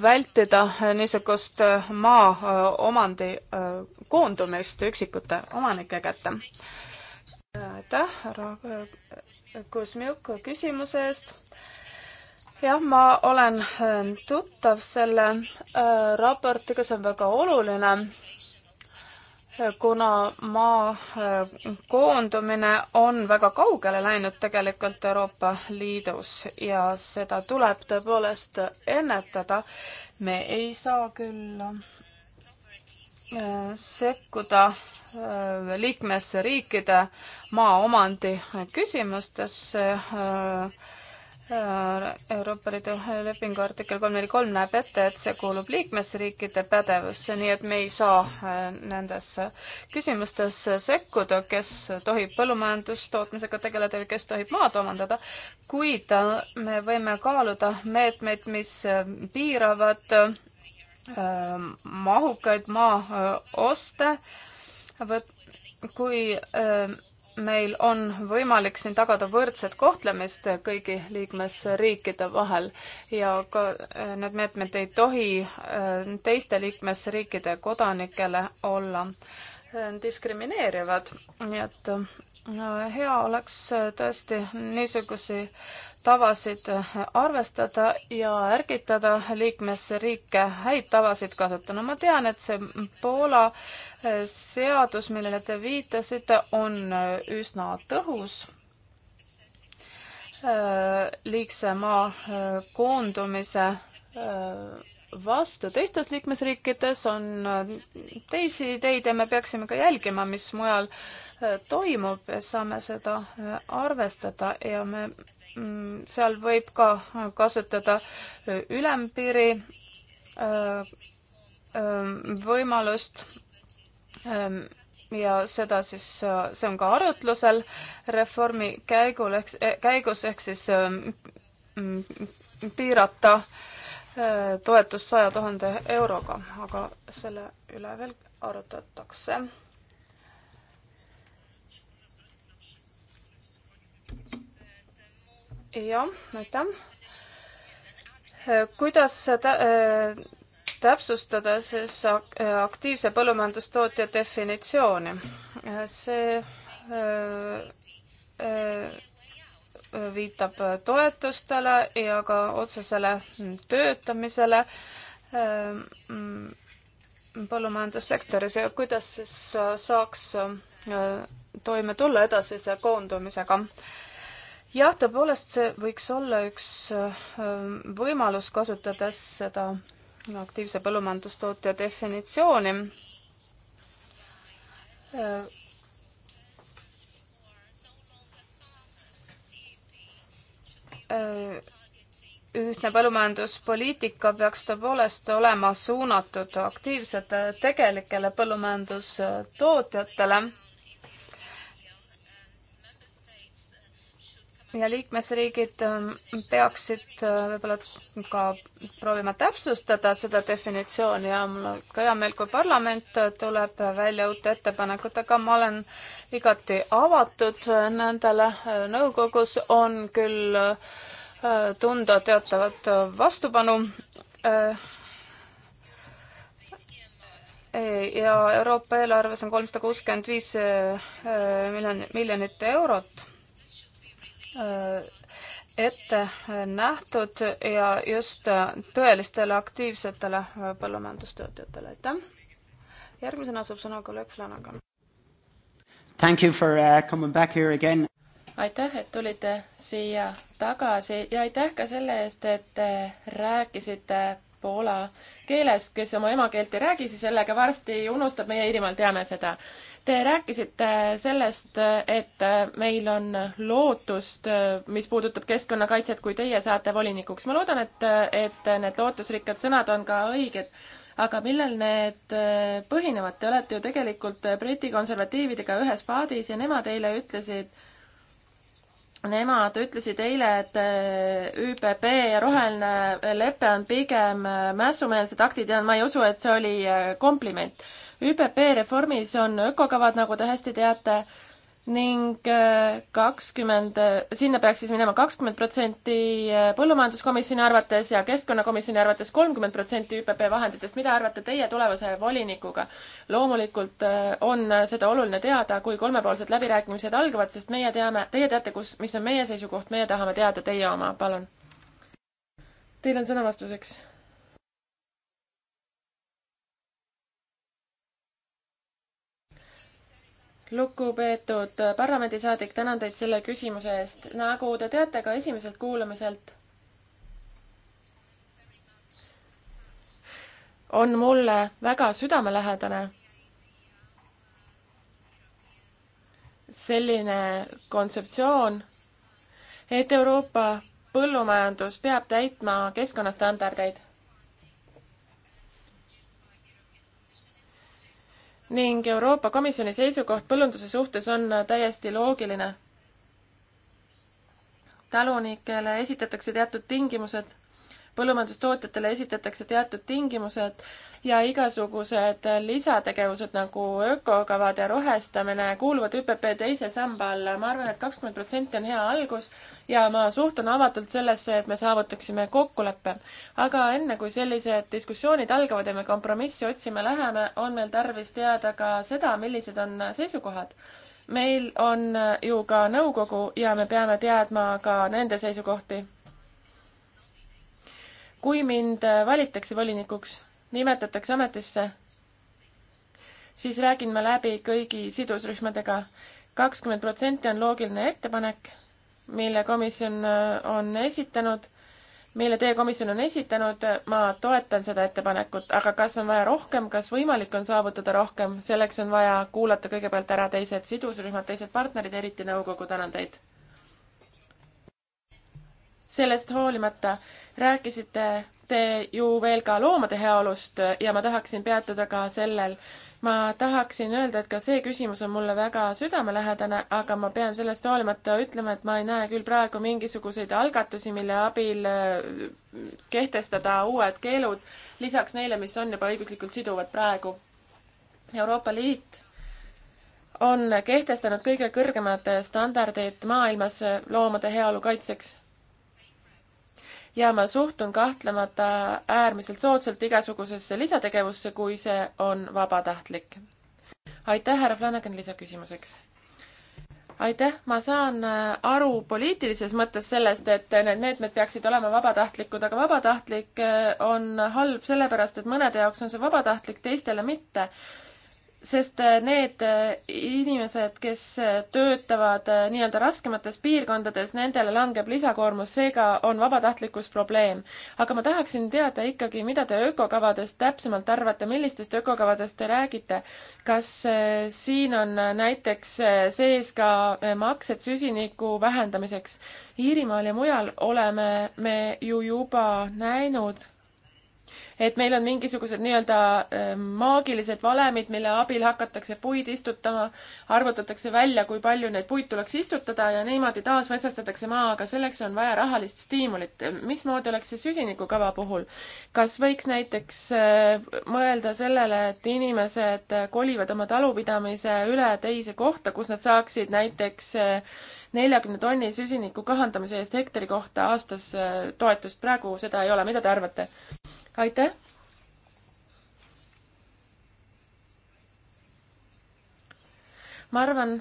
vältida niisugust maa omandi koondumist üksikute omanike kätte aitäh, härra äh, Kuzmjuk küsimuse eest. jah, ma olen äh, tuttav selle äh, raportiga, see on väga oluline, kuna maa koondumine on väga kaugele läinud tegelikult Euroopa Liidus ja seda tuleb tõepoolest ennetada. me ei saa küll sekkuda Äh, liikmesriikide maaomandi küsimustes äh, äh, Euroopa Liidu lepingu artikkel kolm neli kolm näeb ette, et see kuulub liikmesriikide pädevusse, nii et me ei saa nendes küsimustes sekkuda, kes tohib põllumajandustootmisega tegeleda ja kes tohib maad omandada, kuid me võime kaaluda meetmeid, mis piiravad mahukaid maaoste äh, võt-, kui äh, meil on võimalik siin tagada võrdset kohtlemist kõigi liikmesriikide vahel ja ka äh, need meetmed ei tohi äh, teiste liikmesriikide kodanikele olla diskrimineerivad, nii et hea oleks tõesti niisugusi tavasid arvestada ja ärgitada liikmesriike häid tavasid kasutama. ma tean, et see Poola eh, seadus, millele te viitasite, on eh, üsna tõhus eh, liigse maa koondumise vastu teistes liikmesriikides, on äh, teisi ideid ja me peaksime ka jälgima, mis mujal äh, toimub, saame seda äh, arvestada ja me, mm, seal võib ka kasutada ülempiiri võimalust ähm, ja seda siis, see on ka arutlusel reformi käigul ehk, käigus ehk siis ähm, mm, piirata äh, Äh, toetust saja tuhande euroga, aga selle üle veel arutatakse. jah, aitäh. Äh, kuidas tä äh, täpsustada siis aktiivse põllumajandustootja definitsiooni? see öö, öö, viitab toetustele ja ka otsesele töötamisele ähm, mm, põllumajandussektoris ja kuidas siis äh, saaks äh, toime tulla edasise koondumisega. jah, tõepoolest, see võiks olla üks äh, võimalus, kasutades seda aktiivse põllumajandustootja definitsiooni Äh, ühtne põllumajanduspoliitika peaks tõepoolest olema suunatud aktiivselt äh, tegelikele põllumajandustootjatele ja liikmesriigid ähm, peaksid äh, võib-olla ka proovima täpsustada seda definitsiooni ja mul on ka hea meel, kui parlament äh, tuleb välja uute ettepanekutega. ma olen igati avatud äh, nendele. nõukogus on küll tunda teatavat vastupanu e, ja Euroopa eelarves on kolmsada kuuskümmend viis miljonit, miljonit eurot Äh, ette nähtud ja just äh, tõelistele aktiivsetele äh, põllumajandustöötajatele, aitäh. järgmisena saab sõna kolleeg Flanagan. Thank you for uh, coming back here again. aitäh, et tulite siia tagasi ja aitäh ka selle eest, et rääkisite poola keeles, kes oma emakeelt ei räägi, siis sellega varsti unustab, meie Iirimaal teame seda Te rääkisite sellest, et meil on lootust, mis puudutab keskkonnakaitset, kui teie saate volinikuks. ma loodan, et, et need lootusrikkad sõnad on ka õiged. aga millel need põhinevad? Te olete ju tegelikult Briti konservatiividega ühes paadis ja nemad eile ütlesid, Nemad ütlesid eile, et ÜPP ja roheline lepe on pigem mässumeelsed aktid ja ma ei usu, et see oli kompliment ÜPP reformis on ökokavad, nagu te hästi teate, ning äh, kakskümmend, sinna peaks siis minema kakskümmend protsenti äh, põllumajanduskomisjoni arvates ja keskkonnakomisjoni arvates kolmkümmend protsenti ÜPP vahenditest. mida arvate teie tulevase volinikuga? loomulikult äh, on seda oluline teada, kui kolmepoolsed läbirääkimised algavad, sest meie teame, teie teate, kus, mis on meie seisukoht, meie tahame teada teie oma, palun. Teil on sõna vastuseks lugupeetud parlamendisaadik, tänan teid selle küsimuse eest. nagu te teate ka esimeselt kuulamiselt, on mulle väga südamelähedane selline kontseptsioon, et Euroopa põllumajandus peab täitma keskkonnastandardeid. ning Euroopa Komisjoni seisukoht põllunduse suhtes on täiesti loogiline. talunikele esitatakse teatud tingimused põllumajandustootjatele esitatakse teatud tingimused ja igasugused lisategevused nagu ökokavad ja rohestamine kuuluvad ÜPP teise samba alla. ma arvan et, et kakskümmend protsenti on hea algus ja ma suhtun avatult sellesse, et me saavutaksime kokkuleppe. aga enne, kui sellised diskussioonid algavad ja me kompromissi otsima läheme, on meil tarvis teada ka seda, millised on seisukohad meil on ju ka nõukogu ja me peame teadma ka nende seisukohti kui mind valitakse volinikuks, nimetatakse ametisse, siis räägin ma läbi kõigi sidusrühmadega. kakskümmend protsenti on loogiline ettepanek, mille komisjon äh, on esitanud, mille teie komisjon on esitanud, ma toetan seda ettepanekut, aga kas on vaja rohkem, kas võimalik on saavutada rohkem, selleks on vaja kuulata kõigepealt ära teised sidusrühmad, teised partnerid, eriti nõukogu, tänan teid. sellest hoolimata rääkisite te ju veel ka loomade heaolust ja ma tahaksin peatuda ka sellel. ma tahaksin öelda, et ka see küsimus on mulle väga südamelähedane, aga ma pean sellest hoolimata ütlema, et ma ei näe küll praegu mingisuguseid algatusi, mille abil äh, kehtestada uued keelud lisaks neile, mis on juba õiguslikult siduvad praegu. Euroopa Liit on kehtestanud kõige kõrgemad standardid maailmas loomade heaolu kaitseks ja ma suhtun kahtlemata äärmiselt soodsalt igasugusesse lisategevusse, kui see on vabatahtlik. aitäh, härra Flanagan, lisaküsimuseks. aitäh, ma saan äh, aru poliitilises mõttes sellest, et need meetmed peaksid olema vabatahtlikud, aga vabatahtlik äh, on halb sellepärast, et mõnede jaoks on see vabatahtlik, teistele mitte sest äh, need äh, inimesed, kes äh, töötavad nii-öelda raskemates piirkondades, nendele langeb lisakoormus, seega on vabatahtlikkus probleem. aga ma tahaksin teada ikkagi, mida te ökokavadest täpsemalt arvate, millistest ökokavadest te räägite? kas siin on näiteks sees ka maksed süsiniku vähendamiseks? Iirimaal ja mujal oleme me ju juba näinud et meil on mingisugused nii-öelda ähm, maagilised valemid, mille abil hakatakse puid istutama, arvutatakse välja, kui palju neid puid tuleks istutada ja niimoodi taasmetsastatakse maa, aga selleks on vaja rahalist stiimulit. mismoodi oleks see süsinikukava puhul? kas võiks näiteks äh, mõelda sellele, et inimesed kolivad oma talupidamise üle teise kohta, kus nad saaksid näiteks äh, neljakümne tonni süsiniku kahandamise eest hektari kohta aastas äh, toetust, praegu seda ei ole, mida te arvate? aitäh! ma arvan,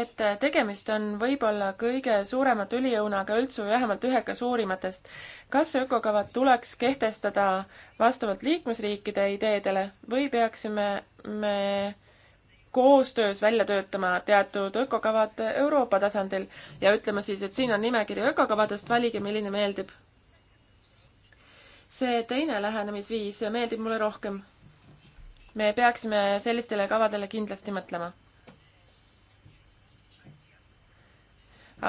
et äh, tegemist on võib-olla kõige suurema tüliõunaga üldse või vähemalt ühega suurimatest. kas ökokavad tuleks kehtestada vastavalt liikmesriikide ideedele või peaksime me koostöös välja töötama teatud ökokavad Euroopa tasandil ja ütlema siis, et siin on nimekiri ökokavadest, valige, milline meeldib. see teine lähenemisviis meeldib mulle rohkem. me peaksime sellistele kavadele kindlasti mõtlema.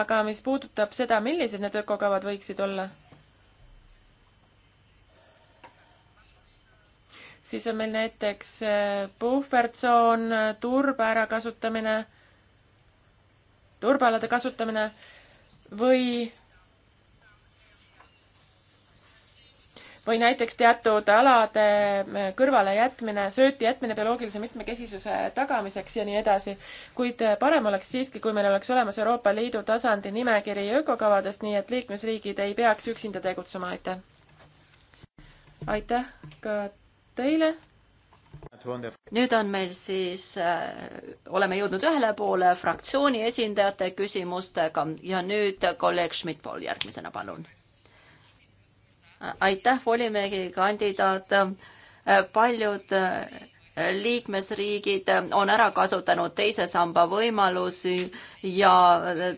aga mis puudutab seda, millised need ökokavad võiksid olla siis on meil näiteks puhvertsoon, äh, äh, turba ärakasutamine, turbealade kasutamine või, või näiteks teatud alade äh, kõrvalejätmine, sööti jätmine bioloogilise mitmekesisuse tagamiseks ja nii edasi. kuid parem oleks siiski, kui meil oleks olemas Euroopa Liidu tasandi nimekiri ökokavadest, nii et liikmesriigid ei peaks üksinda tegutsema, aitäh! aitäh ka teile. nüüd on meil siis, äh, oleme jõudnud ühele poole fraktsiooni esindajate küsimustega ja nüüd kolleeg Schmidt-Pool järgmisena, palun. aitäh, volimehi kandidaat. Äh, paljud äh, liikmesriigid on ära kasutanud teise samba võimalusi ja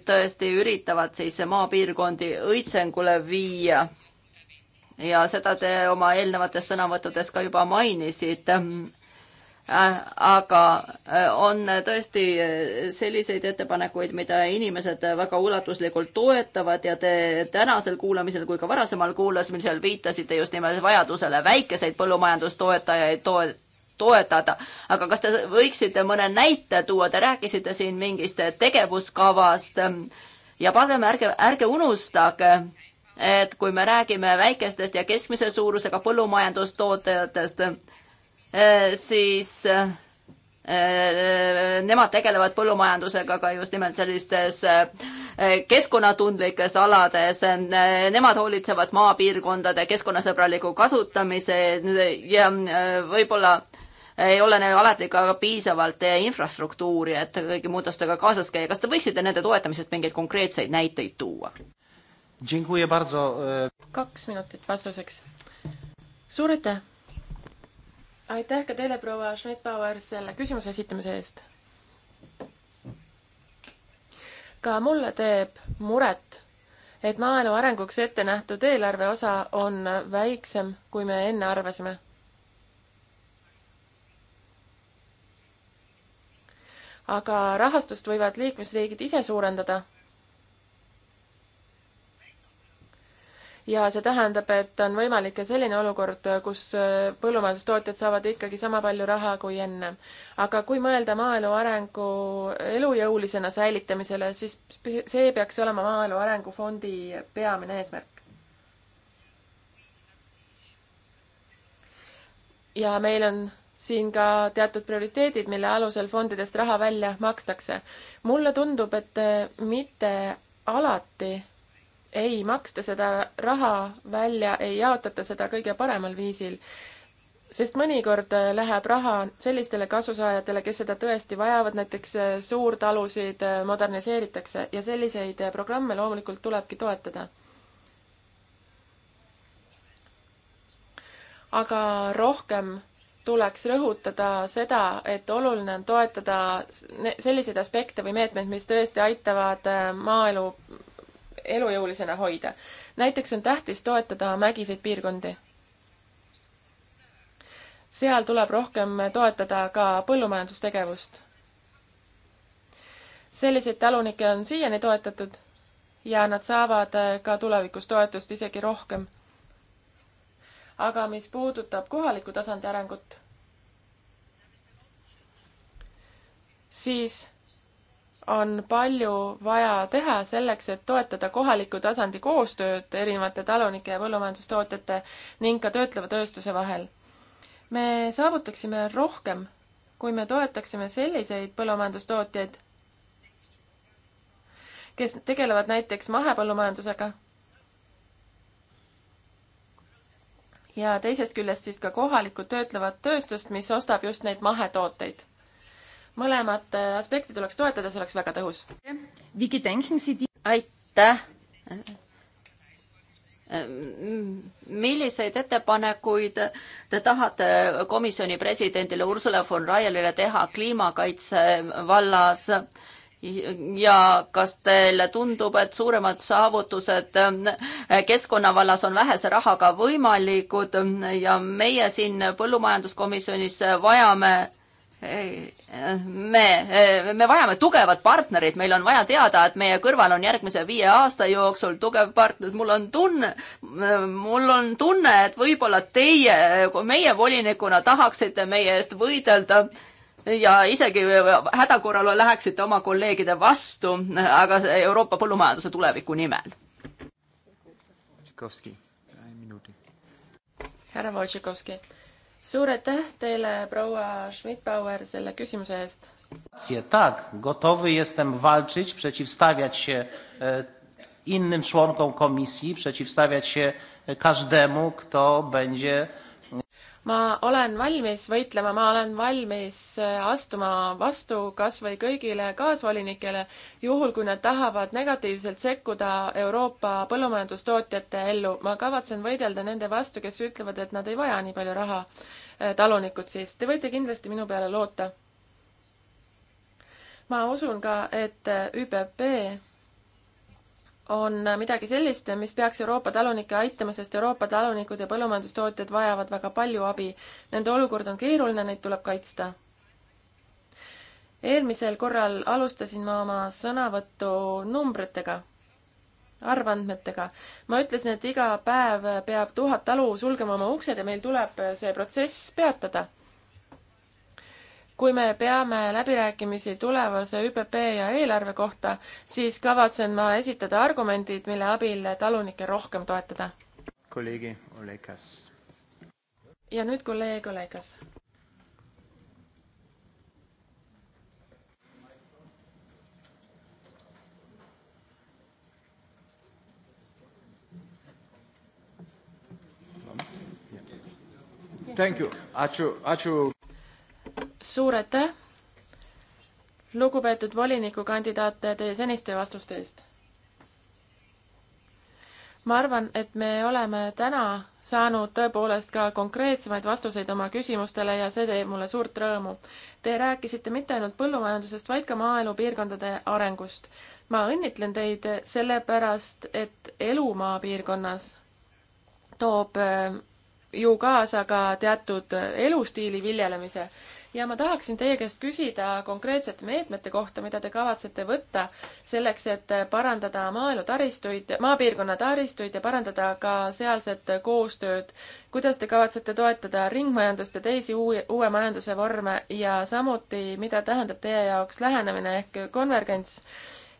tõesti üritavad siis maapiirkondi õitsengule viia ja seda te oma eelnevates sõnavõttudes ka juba mainisite äh, aga äh, on tõesti äh, selliseid ettepanekuid, mida inimesed väga ulatuslikult toetavad ja te tänasel kuulamisel kui ka varasemal kuulamisel viitasite just nimelt vajadusele väikeseid põllumajandustoetajaid toe-, toetada. aga kas te võiksite mõne näite tuua, te rääkisite siin mingist tegevuskavast ja palun ärge, ärge unustage, et kui me räägime väikestest ja keskmise suurusega põllumajandustootjatest, eh, siis eh, nemad tegelevad põllumajandusega ka just nimelt sellistes eh, keskkonnatundlikes alades. Nemad hoolitsevad maapiirkondade keskkonnasõbraliku kasutamise ja võib-olla ei ole neil alati ka piisavalt infrastruktuuri, et kõigi muutustega kaasas käia. kas te võiksite nende toetamisest mingeid konkreetseid näiteid tuua? E, kaks minutit vastuseks. suur aitäh! aitäh ka teile, proua Schmidt-Bauer, selle küsimuse esitamise eest. ka mulle teeb muret, et maaelu arenguks ette nähtud eelarve osa on väiksem, kui me enne arvasime. aga rahastust võivad liikmesriigid ise suurendada ja see tähendab, et on võimalik ka selline olukord, kus äh, põllumajandustootjad saavad ikkagi sama palju raha kui enne. aga kui mõelda maaelu arengu elujõulisena säilitamisele, siis see peaks olema Maaelu Arengufondi peamine eesmärk. ja meil on siin ka teatud prioriteedid, mille alusel fondidest raha välja makstakse. mulle tundub, et mitte alati ei maksta seda raha välja, ei jaotata seda kõige paremal viisil. sest mõnikord läheb raha sellistele kasusaajatele, kes seda tõesti vajavad, näiteks äh, suurtalusid äh, moderniseeritakse ja selliseid äh, programme loomulikult tulebki toetada. aga rohkem tuleks rõhutada seda, et oluline on toetada selliseid aspekte või meetmeid, mis tõesti aitavad maaelu elujõulisena hoida. näiteks on tähtis toetada mägiseid piirkondi. seal tuleb rohkem toetada ka põllumajandustegevust. selliseid talunikke on siiani toetatud ja nad saavad ka tulevikus toetust isegi rohkem. aga mis puudutab kohaliku tasandi arengut, siis on palju vaja teha selleks, et toetada kohaliku tasandi koostööd erinevate talunike ja põllumajandustootjate ning ka töötleva tööstuse vahel. me saavutaksime rohkem, kui me toetaksime selliseid põllumajandustootjaid, kes tegelevad näiteks mahepõllumajandusega ja teisest küljest siis ka kohalikku töötlevat tööstust, mis ostab just neid mahetooteid mõlemat äh, aspekti tuleks toetada, see oleks väga tõhus. aitäh! Äh, milliseid ettepanekuid te tahate komisjoni presidendile Ursula von Reyelile teha kliimakaitse vallas ja kas teile tundub, et suuremad saavutused äh, keskkonna vallas on vähese rahaga võimalikud ja meie siin põllumajanduskomisjonis vajame me, eh, me vajame tugevat partnerit, meil on vaja teada, et meie kõrval on järgmise viie aasta jooksul tugev partner, mul on tunne, mul on tunne, et võib-olla teie, meie volinikuna tahaksite meie eest võidelda ja isegi häda korral läheksite oma kolleegide vastu, aga Euroopa põllumajanduse tuleviku nimel. härra Wojciechowski suur aitäh teile, proua Schmidt-Bauer, selle küsimuse eest. Tak, gotowy jestem walczyć, przeciwstawiać się e, innym członkom komisji, przeciwstawiać się e, każdemu, kto będzie ma olen valmis võitlema, ma olen valmis äh, astuma vastu kas või kõigile kaasvolinikele, juhul kui nad tahavad negatiivselt sekkuda Euroopa põllumajandustootjate ellu. ma kavatsen võidelda nende vastu, kes ütlevad, et nad ei vaja nii palju raha, äh, talunikud siis. Te võite kindlasti minu peale loota. ma usun ka, et äh, ÜPP on midagi sellist, mis peaks Euroopa talunikke aitama, sest Euroopa talunikud ja põllumajandustootjad vajavad väga palju abi. Nende olukord on keeruline, neid tuleb kaitsta. eelmisel korral alustasin ma oma sõnavõttu numbritega, arvandmetega. ma ütlesin, et iga päev peab tuhat talu sulgema oma uksed ja meil tuleb see protsess peatada kui me peame läbirääkimisi tulevase ÜPP ja eelarve kohta, siis kavatsen ma esitada argumendid, mille abil talunikke rohkem toetada. kolleegi Olekas. ja nüüd kolleeg Olekas. Thank you. Ačiū, ačiū suur aitäh, lugupeetud volinikukandidaat, teie seniste vastuste eest! ma arvan, et me oleme täna saanud tõepoolest ka konkreetsemaid vastuseid oma küsimustele ja see teeb mulle suurt rõõmu. Te rääkisite mitte ainult põllumajandusest, vaid ka maaelupiirkondade arengust. ma õnnitlen teid sellepärast, et elu maapiirkonnas toob äh, ju kaasa ka teatud elustiili viljelemise ja ma tahaksin teie käest küsida konkreetsete meetmete kohta, mida te kavatsete võtta selleks, et parandada maaelu taristuid, maapiirkonna taristuid ja parandada ka sealset koostööd. kuidas te kavatsete toetada ringmajandust ja teisi uue, uue majanduse vorme ja samuti, mida tähendab teie jaoks lähenemine ehk konvergents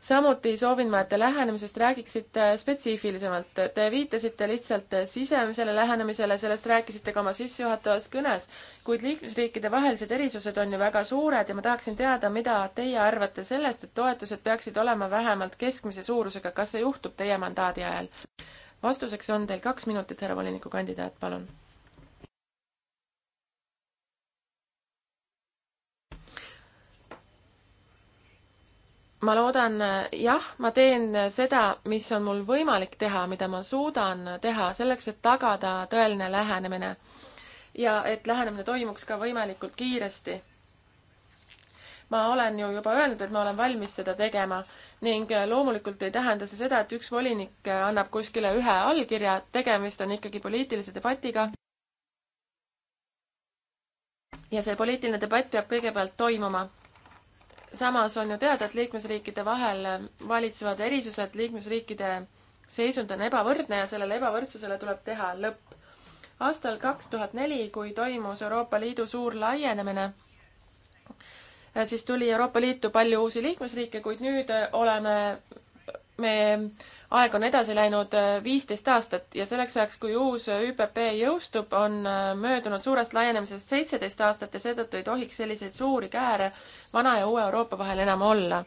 samuti soovin ma, et te lähenemisest räägiksite spetsiifilisemalt. Te viitasite lihtsalt sisemisele lähenemisele, sellest rääkisite ka oma sissejuhatavas kõnes, kuid liikmesriikide vahelised erisused on ju väga suured ja ma tahaksin teada, mida teie arvate sellest, et toetused peaksid olema vähemalt keskmise suurusega, kas see juhtub teie mandaadi ajal? vastuseks on teil kaks minutit, härra volinikukandidaat, palun ma loodan, jah, ma teen seda, mis on mul võimalik teha, mida ma suudan teha selleks, et tagada tõeline lähenemine. ja et lähenemine toimuks ka võimalikult kiiresti. ma olen ju juba öelnud, et ma olen valmis seda tegema ning loomulikult ei tähenda see seda, et üks volinik annab kuskile ühe allkirja, tegemist on ikkagi poliitilise debatiga. ja see poliitiline debatt peab kõigepealt toimuma samas on ju teada, et liikmesriikide vahel valitsevad erisused, liikmesriikide seisund on ebavõrdne ja sellele ebavõrdsusele tuleb teha lõpp. aastal kaks tuhat neli, kui toimus Euroopa Liidu suur laienemine, eh, siis tuli Euroopa Liitu palju uusi liikmesriike, kuid nüüd eh, oleme me aeg on edasi läinud äh, viisteist aastat ja selleks ajaks, kui uus äh, ÜPP jõustub, on äh, möödunud suurest laienemisest seitseteist aastat ja seetõttu ei tohiks selliseid suuri kääre vana ja uue Euroopa vahel enam olla.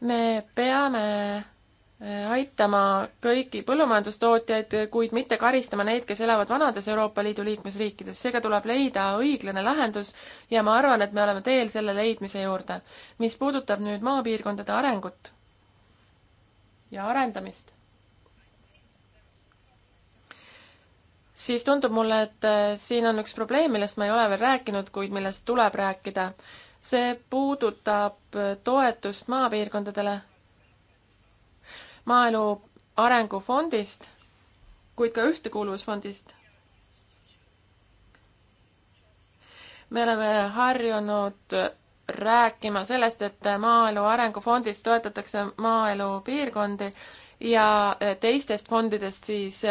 me peame aitama kõiki põllumajandustootjaid, kuid mitte karistama neid, kes elavad vanades Euroopa Liidu liikmesriikides. seega tuleb leida õiglane lahendus ja ma arvan, et me oleme teel selle leidmise juurde. mis puudutab nüüd maapiirkondade arengut ja arendamist, siis tundub mulle, et äh, siin on üks probleem, millest ma ei ole veel rääkinud, kuid millest tuleb rääkida. see puudutab äh, toetust maapiirkondadele Maaelu Arengufondist, kuid ka Ühtekuuluvusfondist. me oleme harjunud rääkima sellest, et Maaelu Arengufondist toetatakse maaelupiirkondi ja teistest fondidest siis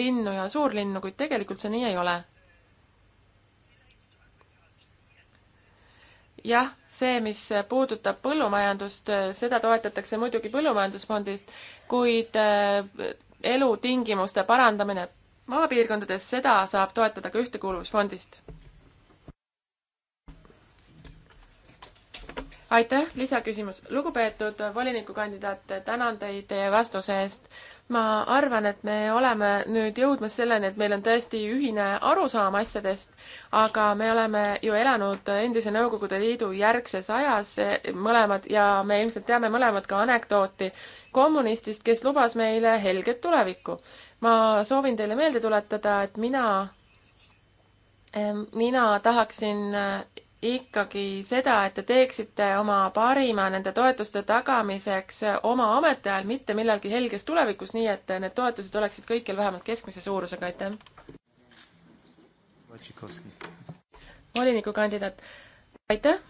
linnu ja suurlinnu, kuid tegelikult see nii ei ole jah, see, mis puudutab põllumajandust, seda toetatakse muidugi Põllumajandusfondist, kuid eh, elutingimuste parandamine maapiirkondades, seda saab toetada ka Ühtekuuluvusfondist aitäh, lisaküsimus. lugupeetud volinikukandidaat, tänan teid teie vastuse eest. ma arvan, et me oleme nüüd jõudmas selleni, et meil on tõesti ühine arusaam asjadest, aga me oleme ju elanud endise Nõukogude Liidu järgses ajas eh, mõlemad ja me ilmselt teame mõlemad ka anekdooti kommunistist, kes lubas meile helget tulevikku. ma soovin teile meelde tuletada, et mina mina tahaksin eh, ikkagi seda, et te teeksite oma parima nende toetuste tagamiseks oma ametiajal, mitte millalgi helges tulevikus, nii et need toetused oleksid kõikjal vähemalt keskmise suurusega, aitäh! volinikukandidaat, aitäh!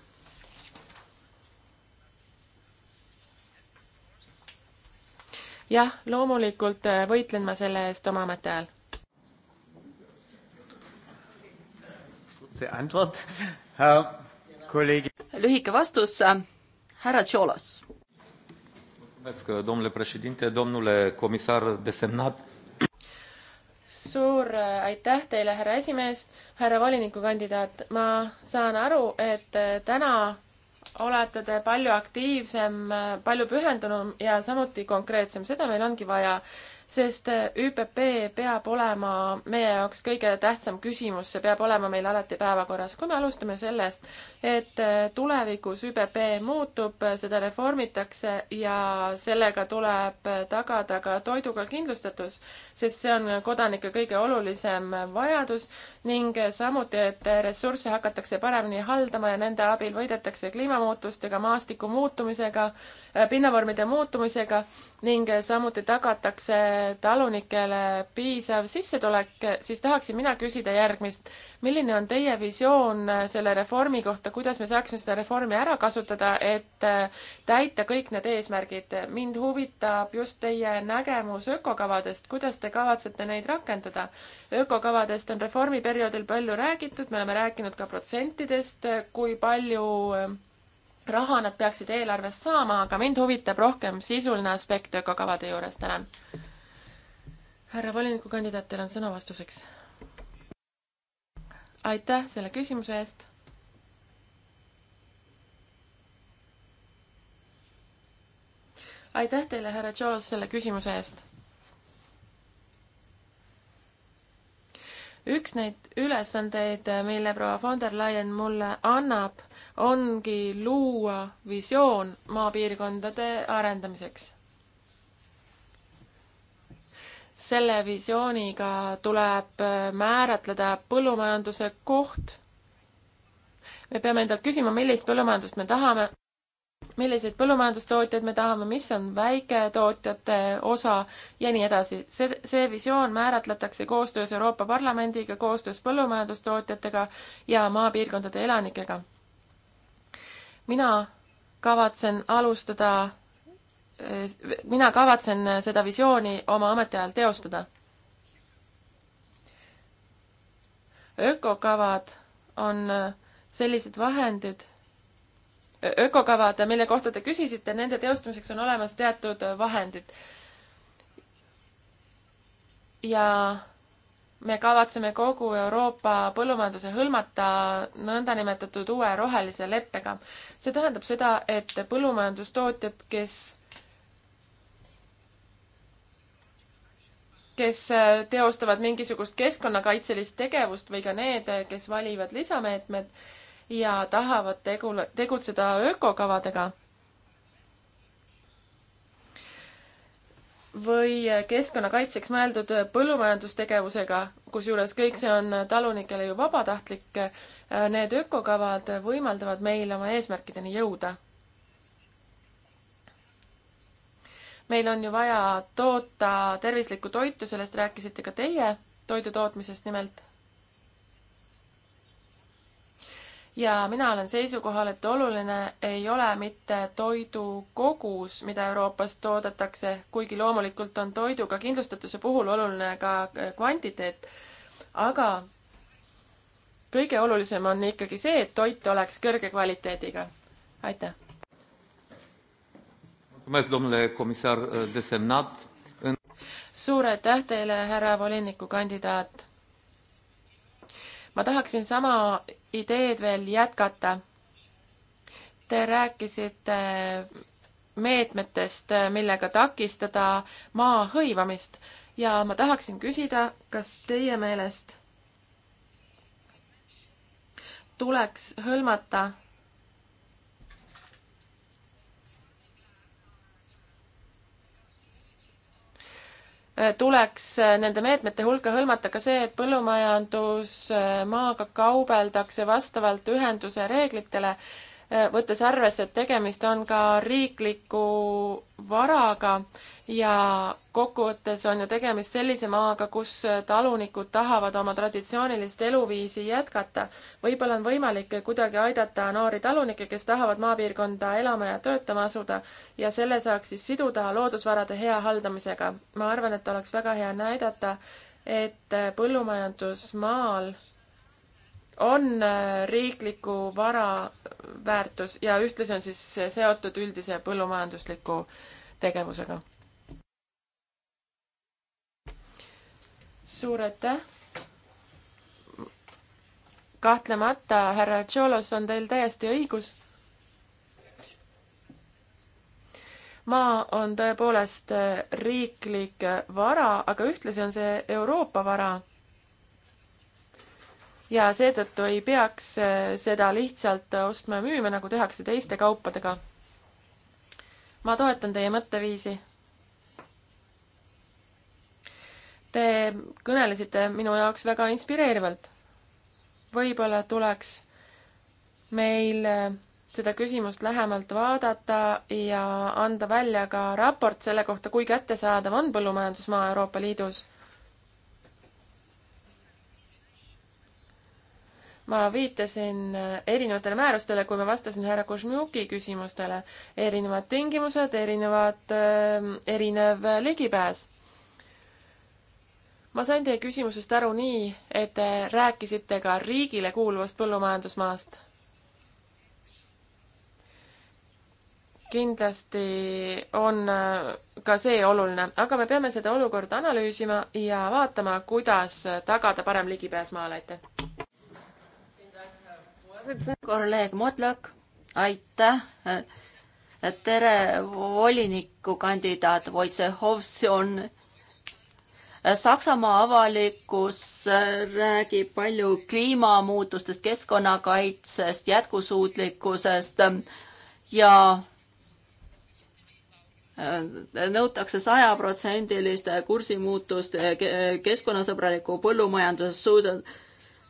jah, loomulikult võitlen ma selle eest oma ametiajal. see antwort lühike vastus, härra Tšolos. suur äh, aitäh teile, härra esimees, härra volinikukandidaat, ma saan aru, et äh, täna olete te palju aktiivsem, äh, palju pühendunum ja samuti konkreetsem, seda meil ongi vaja sest äh, ÜPP peab olema meie jaoks kõige tähtsam küsimus, see peab olema meil alati päevakorras. kui me alustame sellest, et äh, tulevikus ÜPP muutub, äh, seda reformitakse ja sellega tuleb tagada ka toiduga kindlustatus, sest see on kodanike kõige olulisem vajadus ning samuti, et ressursse hakatakse paremini haldama ja nende abil võidetakse kliimamuutustega, maastiku muutumisega, pinnavormide muutumisega ning samuti tagatakse talunikele piisav sissetulek, siis tahaksin mina küsida järgmist. milline on teie visioon selle reformi kohta, kuidas me saaksime seda reformi ära kasutada, et äh, täita kõik need eesmärgid? mind huvitab just teie nägemus ökokavadest, kuidas te kavatsete neid rakendada? ökokavadest on reformiperioodil palju räägitud, me oleme rääkinud ka protsentidest, kui palju äh, raha nad peaksid eelarvest saama, aga mind huvitab rohkem sisuline aspekt ökokavade juures, tänan. härra volinikukandidaat, teil on sõna vastuseks. aitäh selle küsimuse eest. aitäh teile, härra Tšolos, selle küsimuse eest üks neid ülesandeid, mille proua von der Leyen mulle annab, ongi luua visioon maapiirkondade arendamiseks. selle visiooniga tuleb määratleda põllumajanduse koht. me peame endalt küsima, millist põllumajandust me tahame milliseid põllumajandustootjaid me tahame, mis on väiketootjate osa ja nii edasi. see, see visioon määratletakse koostöös Euroopa Parlamendiga, koostöös põllumajandustootjatega ja maapiirkondade elanikega. mina kavatsen alustada, mina kavatsen seda visiooni oma ametiajal teostada. ökokavad on sellised vahendid ökokavad, mille kohta te küsisite, nende teostamiseks on olemas teatud vahendid. ja me kavatseme kogu Euroopa põllumajanduse hõlmata nõndanimetatud uue rohelise leppega. see tähendab seda, et põllumajandustootjad, kes kes teostavad mingisugust keskkonnakaitselist tegevust või ka need, kes valivad lisameetmed, ja tahavad tegu, tegutseda ökokavadega või keskkonnakaitseks mõeldud põllumajandustegevusega, kusjuures kõik see on talunikele ju vabatahtlik, need ökokavad võimaldavad meil oma eesmärkideni jõuda. meil on ju vaja toota tervislikku toitu, sellest rääkisite ka teie, toidu tootmisest nimelt ja mina olen seisukohal, et oluline ei ole mitte toidu kogus, mida Euroopas toodetakse, kuigi loomulikult on toiduga kindlustatuse puhul oluline ka äh, kvantiteet, aga kõige olulisem on ikkagi see, et toit oleks kõrge kvaliteediga. aitäh! Äh, suur aitäh teile, härra volinikukandidaat! ma tahaksin sama ideed veel jätkata. Te rääkisite äh, meetmetest, äh, millega takistada maa hõivamist ja ma tahaksin küsida, kas teie meelest tuleks hõlmata tuleks äh, nende meetmete hulka hõlmata ka see, et põllumajandusmaaga äh, kaubeldakse vastavalt ühenduse reeglitele Äh, võttes arvesse, et tegemist on ka riikliku varaga ja kokkuvõttes on ju tegemist sellise maaga, kus talunikud tahavad oma traditsioonilist eluviisi jätkata. võib-olla on võimalik kuidagi aidata noori talunikke, kes tahavad maapiirkonda elama ja töötama asuda ja selle saaks siis siduda loodusvarade hea haldamisega. ma arvan, et oleks väga hea näidata, et põllumajandusmaal on äh, riikliku vara väärtus ja ühtlasi on siis seotud üldise põllumajandusliku tegevusega. suur aitäh! kahtlemata, härra Tšolos, on teil täiesti õigus. maa on tõepoolest äh, riiklik vara, aga ühtlasi on see Euroopa vara ja seetõttu ei peaks äh, seda lihtsalt äh, ostma ja müüma, nagu tehakse teiste kaupadega. ma toetan teie mõtteviisi. Te kõnelesite minu jaoks väga inspireerivalt. võib-olla tuleks meil äh, seda küsimust lähemalt vaadata ja anda välja ka raport selle kohta, kui kättesaadav on põllumajandusmaa Euroopa Liidus ma viitasin äh, erinevatele määrustele, kui ma vastasin härra Kozmjuki küsimustele. erinevad tingimused, erinevad, äh, erinev äh, ligipääs. ma sain teie küsimusest aru nii, et te rääkisite ka riigile kuuluvast põllumajandusmaast. kindlasti on ka see oluline, aga me peame seda olukorda analüüsima ja vaatama, kuidas tagada parem ligipääs maale, aitäh! kolleeg Modlak, aitäh. tere, volinikukandidaat Wojciechowski on Saksamaa avalikkus räägib palju kliimamuutustest, keskkonnakaitsest, jätkusuutlikkusest ja nõutakse sajaprotsendilist kursimuutust keskkonnasõbraliku põllumajanduse suud-,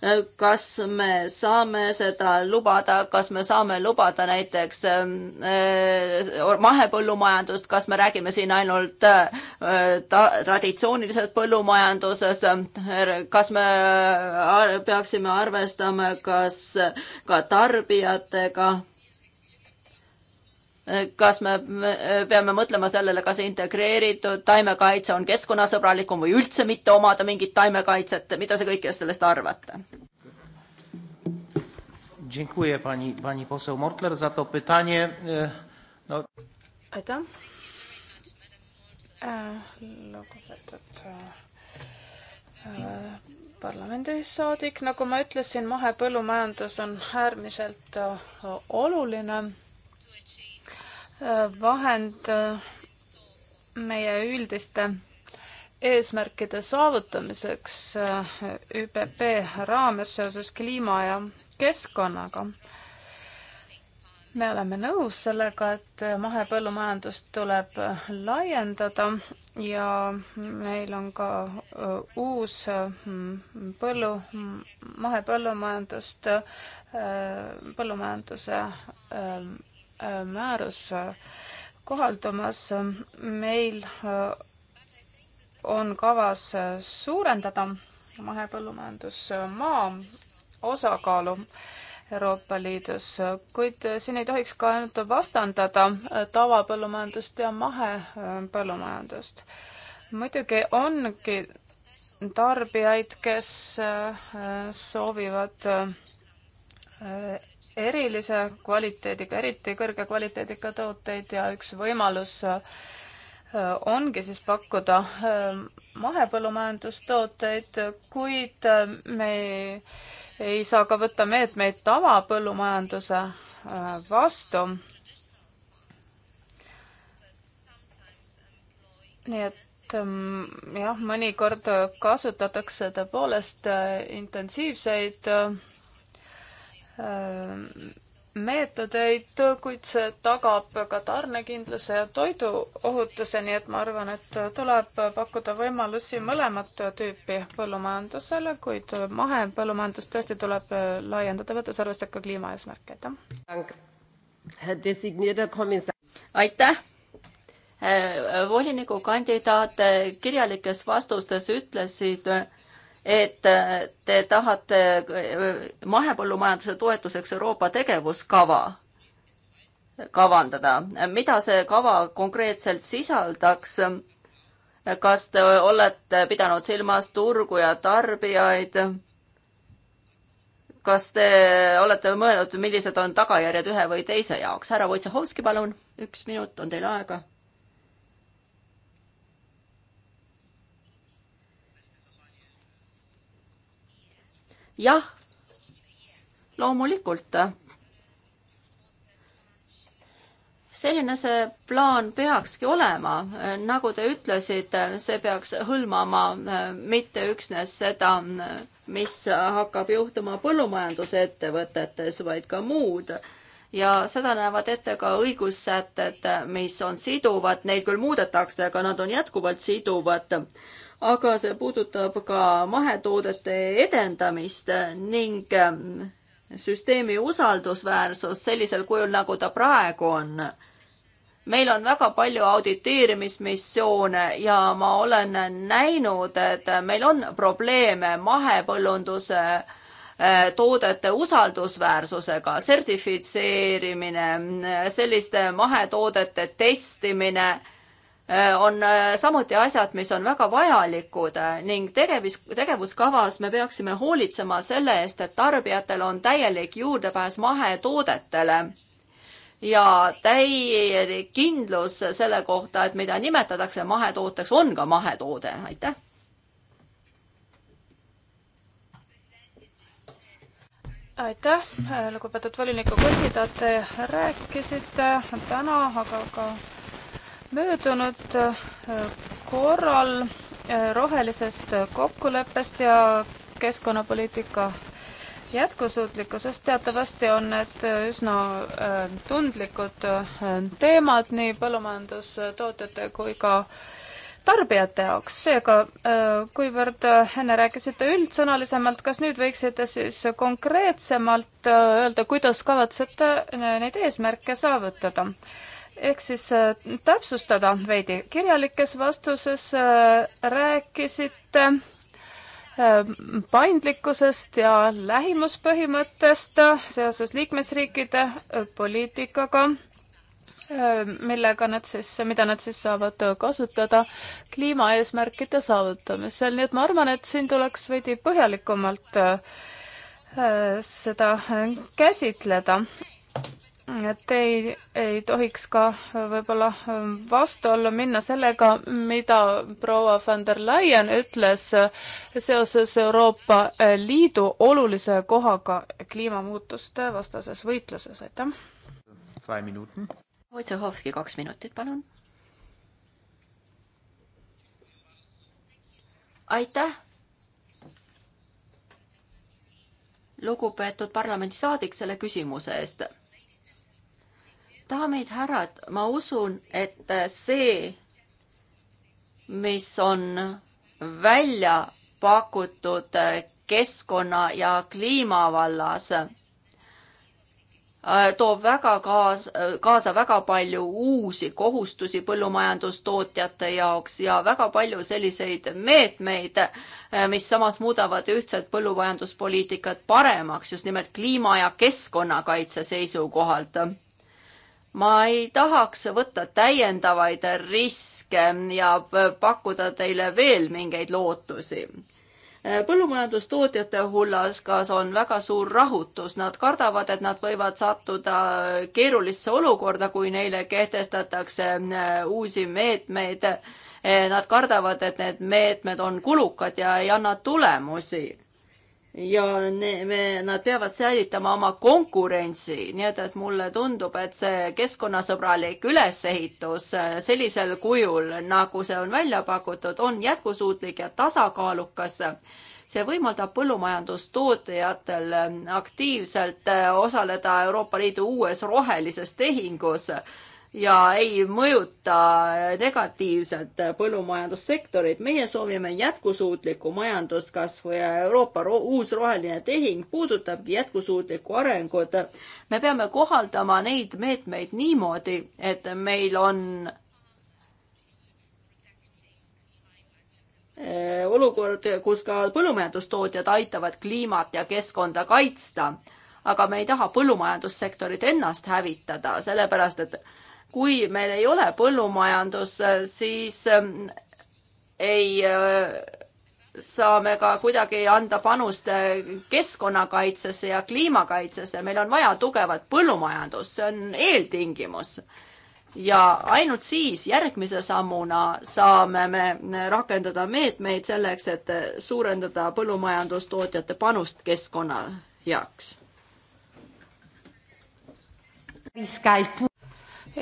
Äh, kas me saame seda lubada, kas me saame lubada näiteks ähm, äh, mahepõllumajandust, kas me räägime siin ainult äh, ta-, traditsioonilisest põllumajandusest, kas me ar peaksime arvestama, kas ka tarbijatega kas me peame mõtlema sellele, kas integreeritud taimekaitse on keskkonnasõbralikum või üldse mitte omada mingit taimekaitset, mida te kõikidest sellest arvate? Dziękuję pani, pani poseł Mortler za to pytanie. E, no. Aitäh. E, lugupeetud e, parlamendisaadik, nagu ma ütlesin, mahepõllumajandus on äärmiselt oluline vahend äh, meie üldiste eesmärkide saavutamiseks äh, ÜPP raames seoses kliima ja keskkonnaga me oleme nõus sellega, et mahepõllumajandust tuleb laiendada ja meil on ka äh, uus mm, põllu, mm, mahepõllumajandust, äh, põllumajanduse äh, määrus kohaldumas. meil on kavas suurendada mahepõllumajandusmaa osakaalu Euroopa Liidus, kuid siin ei tohiks ka ainult vastandada äh, tavapõllumajandust ja mahepõllumajandust. muidugi ongi tarbijaid, kes äh, soovivad äh, erilise kvaliteediga, eriti kõrge kvaliteediga tooteid ja üks võimalus ongi siis pakkuda mahepõllumajandustooteid, kuid me ei ei saa ka võtta meetmeid tavapõllumajanduse äh, vastu. nii et ähm, jah, mõnikord kasutatakse tõepoolest äh, intensiivseid äh, meetodeid, kuid see tagab ka tarnekindluse ja toiduohutuse, nii et ma arvan, et tuleb pakkuda võimalusi mõlemat tüüpi põllumajandusele, kuid mahepõllumajandust tõesti tuleb laiendada, võttes arvesse ka kliimaeesmärke, aitäh. aitäh äh, voliniku kandidaat kirjalikes vastustes ütlesid, et äh, te tahate äh, mahepõllumajanduse toetuseks Euroopa tegevuskava kavandada. mida see kava konkreetselt sisaldaks? kas te olete pidanud silmas turgu ja tarbijaid? kas te olete mõelnud, millised on tagajärjed ühe või teise jaoks? härra Wojciechowski, palun, üks minut on teil aega jah, loomulikult. selline see plaan peakski olema, nagu te ütlesite, see peaks hõlmama äh, mitte üksnes seda, äh, mis hakkab juhtuma põllumajandusettevõtetes, vaid ka muud ja seda näevad ette ka õigussätted, mis on siduvad, neid küll muudetakse, aga nad on jätkuvalt siduvad aga see puudutab ka mahetoodete edendamist ning ähm, süsteemi usaldusväärsus sellisel kujul, nagu ta praegu on. meil on väga palju auditeerimismissioone ja ma olen näinud, et meil on probleeme mahepõllunduse äh, toodete usaldusväärsusega, sertifitseerimine, selliste mahetoodete testimine Äh, on äh, samuti asjad, mis on väga vajalikud äh, ning tegevis, tegevuskavas me peaksime hoolitsema selle eest, et tarbijatel on täielik juurdepääs mahetoodetele ja täielik kindlus selle kohta, et mida nimetatakse mahetooteks, on ka mahetoode, aitäh. aitäh, lugupeetud voliniku kandidaat, te rääkisite täna, aga ka möödunud äh, korral äh, rohelisest kokkuleppest ja keskkonnapoliitika jätkusuutlikkusest. teatavasti on need äh, üsna tundlikud teemad nii põllumajandustootjate kui ka tarbijate jaoks, seega kuivõrd enne rääkisite üldsõnalisemalt, kas nüüd võiksite siis konkreetsemalt öelda, kuidas kavatsete neid eesmärke saavutada? ehk siis äh, täpsustada veidi. kirjalikes vastuses äh, rääkisite äh, paindlikkusest ja lähimuspõhimõttest seoses liikmesriikide poliitikaga, millega nad siis, mida nad siis saavad kasutada kliimaeesmärkide saavutamisel, nii et ma arvan, et siin tuleks veidi põhjalikumalt seda käsitleda et ei, ei tohiks ka võib-olla ähm, vastuollu minna sellega, mida proua von der Leyen ütles äh, seoses Euroopa äh, Liidu olulise kohaga kliimamuutuste vastases võitluses, aitäh. Wojciechowski, kaks minutit, palun. aitäh lugupeetud parlamendisaadik selle küsimuse eest daamid, härrad, ma usun, et see, mis on välja pakutud keskkonna ja kliima vallas, äh, toob väga kaasa, kaasa väga palju uusi kohustusi põllumajandustootjate jaoks ja väga palju selliseid meetmeid, äh, mis samas muudavad ühtset põllumajanduspoliitikat paremaks just nimelt kliima ja keskkonnakaitse seisukohalt ma ei tahaks võtta täiendavaid riske ja pakkuda teile veel mingeid lootusi. põllumajandustootjate hullas kas on väga suur rahutus, nad kardavad, et nad võivad sattuda keerulisse olukorda, kui neile kehtestatakse äh, uusi meetmeid. Äh, nad kardavad, et need meetmed on kulukad ja ei anna tulemusi ja ne, me, nad peavad säilitama oma konkurentsi, nii et, et mulle tundub, et see keskkonnasõbralik ülesehitus äh, sellisel kujul, nagu see on välja pakutud, on jätkusuutlik ja tasakaalukas see võimaldab põllumajandustootajatel äh, aktiivselt äh, osaleda Euroopa Liidu uues rohelises tehingus ja ei mõjuta negatiivselt põllumajandussektorit. meie soovime jätkusuutlikku majanduskasvu ja Euroopa ro uus roheline tehing puudutabki jätkusuutlikku arengut. me peame kohaldama neid meetmeid niimoodi, et meil on eh, olukord, kus ka põllumajandustootjad aitavad kliimat ja keskkonda kaitsta aga me ei taha põllumajandussektorit ennast hävitada, sellepärast et kui meil ei ole põllumajandus, siis ähm, ei äh, saame ka kuidagi anda panust äh, keskkonnakaitsesse ja kliimakaitsesse, meil on vaja tugevat põllumajandust, see on eeltingimus. ja ainult siis järgmise sammuna saame me rakendada meetmeid selleks, et äh, suurendada põllumajandustootjate panust keskkonna heaks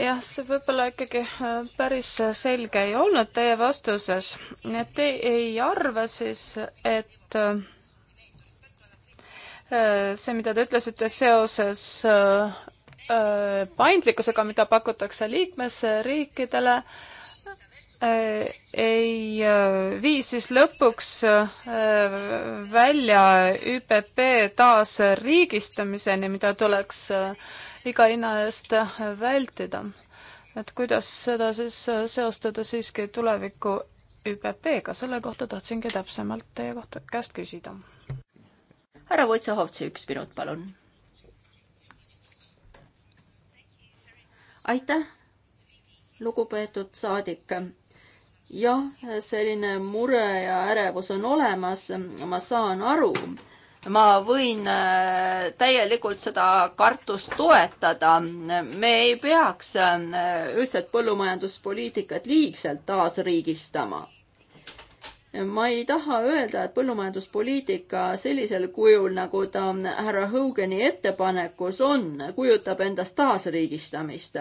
jah, see võib-olla ikkagi äh, päris äh, selge ei olnud teie vastuses. Te ei arva siis, et äh, see, mida te ütlesite seoses paindlikkusega, mida pakutakse liikmesriikidele, ei vii siis lõpuks välja ÜPP taasriigistamiseni, mida tuleks äh, iga hinna eest vältida. et kuidas seda siis seostada siiski tuleviku ÜPP-ga, selle kohta tahtsingi täpsemalt teie kohta, käest küsida. härra Vutsohovtsi, üks minut, palun. aitäh, lugupeetud saadik jah, selline mure ja ärevus on olemas, ma saan aru ma võin äh, täielikult seda kartust toetada. me ei peaks äh, ühtset põllumajanduspoliitikat liigselt taasriigistama. ma ei taha öelda, et põllumajanduspoliitika sellisel kujul, nagu ta härra Hogani ettepanekus on, kujutab endast taasriigistamist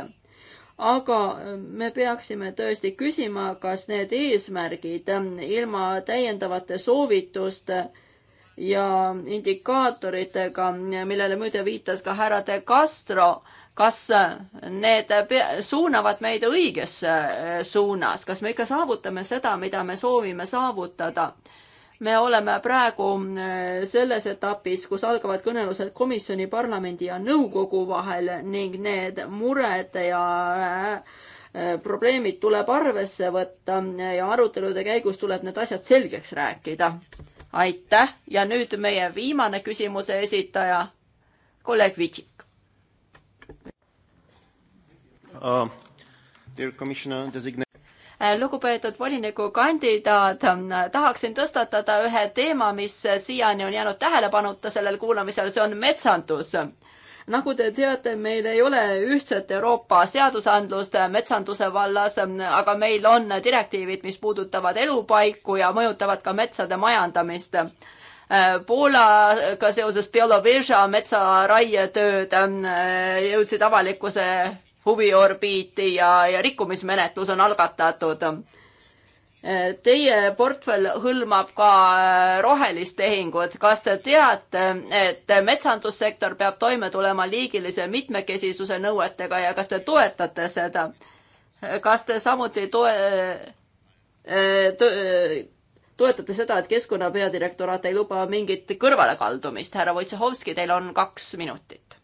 aga äh, me peaksime tõesti küsima, kas need eesmärgid ilma täiendavate soovituste ja indikaatoritega, millele muide viitas ka härra De Castro, kas need suunavad meid õigesse äh, suunas, kas me ikka saavutame seda, mida me soovime saavutada? me oleme praegu äh, selles etapis, kus algavad kõnelused komisjoni, parlamendi ja nõukogu vahel ning need mured ja äh, probleemid tuleb arvesse võtta ja arutelude käigus tuleb need asjad selgeks rääkida aitäh ja nüüd meie viimane küsimuse esitaja, kolleeg Vitsik uh,. Äh, lugupeetud volinikukandidaat, äh, tahaksin tõstatada ühe teema, mis siiani on jäänud tähelepanuta sellel kuulamisel, see on metsandus nagu te teate, meil ei ole ühtset Euroopa seadusandlust metsanduse vallas, aga meil on direktiivid, mis puudutavad elupaiku ja mõjutavad ka metsade majandamist. Poolaga seoses Bieloveža metsaraietööd äh, jõudsid avalikkuse huviorbiiti ja, ja rikkumismenetlus on algatatud Teie portfell hõlmab ka äh, rohelist tehingut. kas te teate, et metsandussektor peab toime tulema liigilise mitmekesisuse nõuetega ja kas te toetate seda? kas te samuti toe-, äh, toetate seda, et Keskkonna peadirektoraat ei luba mingit kõrvalekaldumist? härra Wojciechowski, teil on kaks minutit.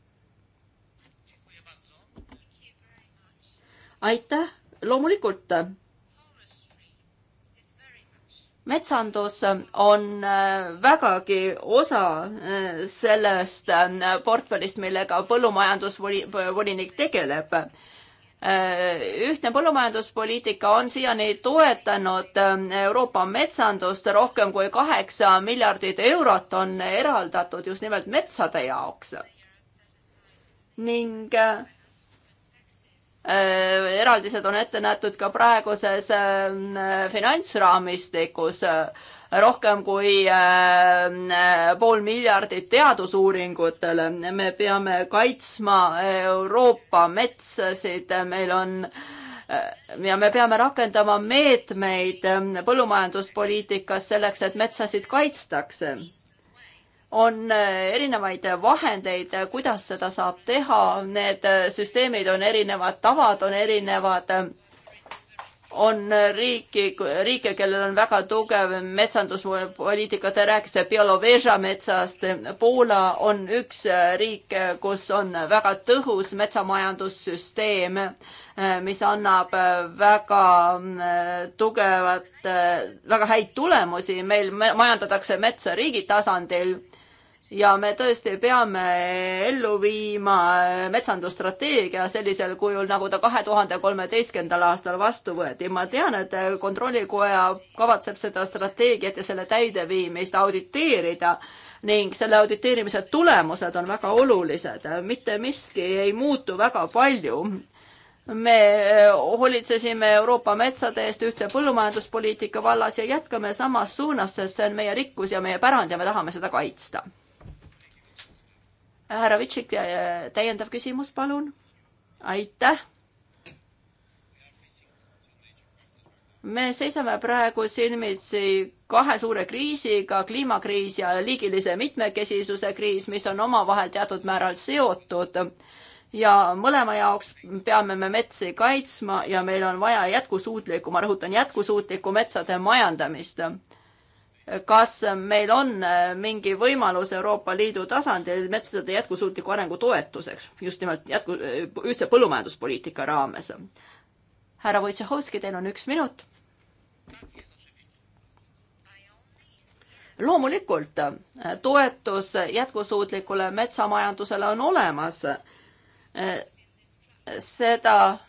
aitäh, loomulikult metsandus äh, on äh, vägagi osa äh, sellest portfellist, millega põllumajandusvolinik tegeleb. ühtne põllumajanduspoliitika on siiani toetanud Euroopa metsandust, rohkem kui kaheksa miljardit eurot on eraldatud just nimelt metsade jaoks. ning Äh, eraldised on ette nähtud ka praeguses äh, finantsraamistikus rohkem kui äh, pool miljardit teadusuuringutele. me peame kaitsma Euroopa metsasid, meil on ja me peame rakendama meetmeid põllumajanduspoliitikas selleks, et metsasid kaitstakse on äh, erinevaid vahendeid, äh, kuidas seda saab teha, need äh, süsteemid on erinevad, tavad on erinevad on riiki, riike, kellel on väga tugev metsanduspoliitika, te rääkisite Bioloveža metsast, Poola on üks riik, kus on väga tõhus metsamajandussüsteem, mis annab väga mm, tugevat, väga häid tulemusi, meil majandatakse metsa riigi tasandil ja me tõesti peame ellu viima metsandusstrateegia sellisel kujul, nagu ta kahe tuhande kolmeteistkümnendal aastal vastu võeti. ma tean, et Kontrollikoja kavatseb seda strateegiat ja selle täideviimist auditeerida ning selle auditeerimise tulemused on väga olulised. mitte miski ei muutu väga palju me hoolitsesime Euroopa metsade eest ühtse põllumajanduspoliitika vallas ja jätkame samas suunas, sest see on meie rikkus ja meie pärand ja me tahame seda kaitsta härra Vitsik, täiendav küsimus, palun. aitäh. me seisame praegu silmitsi kahe suure kriisiga, kliimakriis ja liigilise mitmekesisuse kriis, mis on omavahel teatud määral seotud ja mõlema jaoks peame me metsi kaitsma ja meil on vaja jätkusuutlikku, ma rõhutan, jätkusuutlikku metsade majandamist kas meil on äh, mingi võimalus Euroopa Liidu tasandil metsade jätkusuutliku arengu toetuseks just nimelt jätku, ühtse põllumajanduspoliitika raames. härra Wojciechowski, teil on üks minut. loomulikult äh, toetus jätkusuutlikule metsamajandusele on olemas. Äh, seda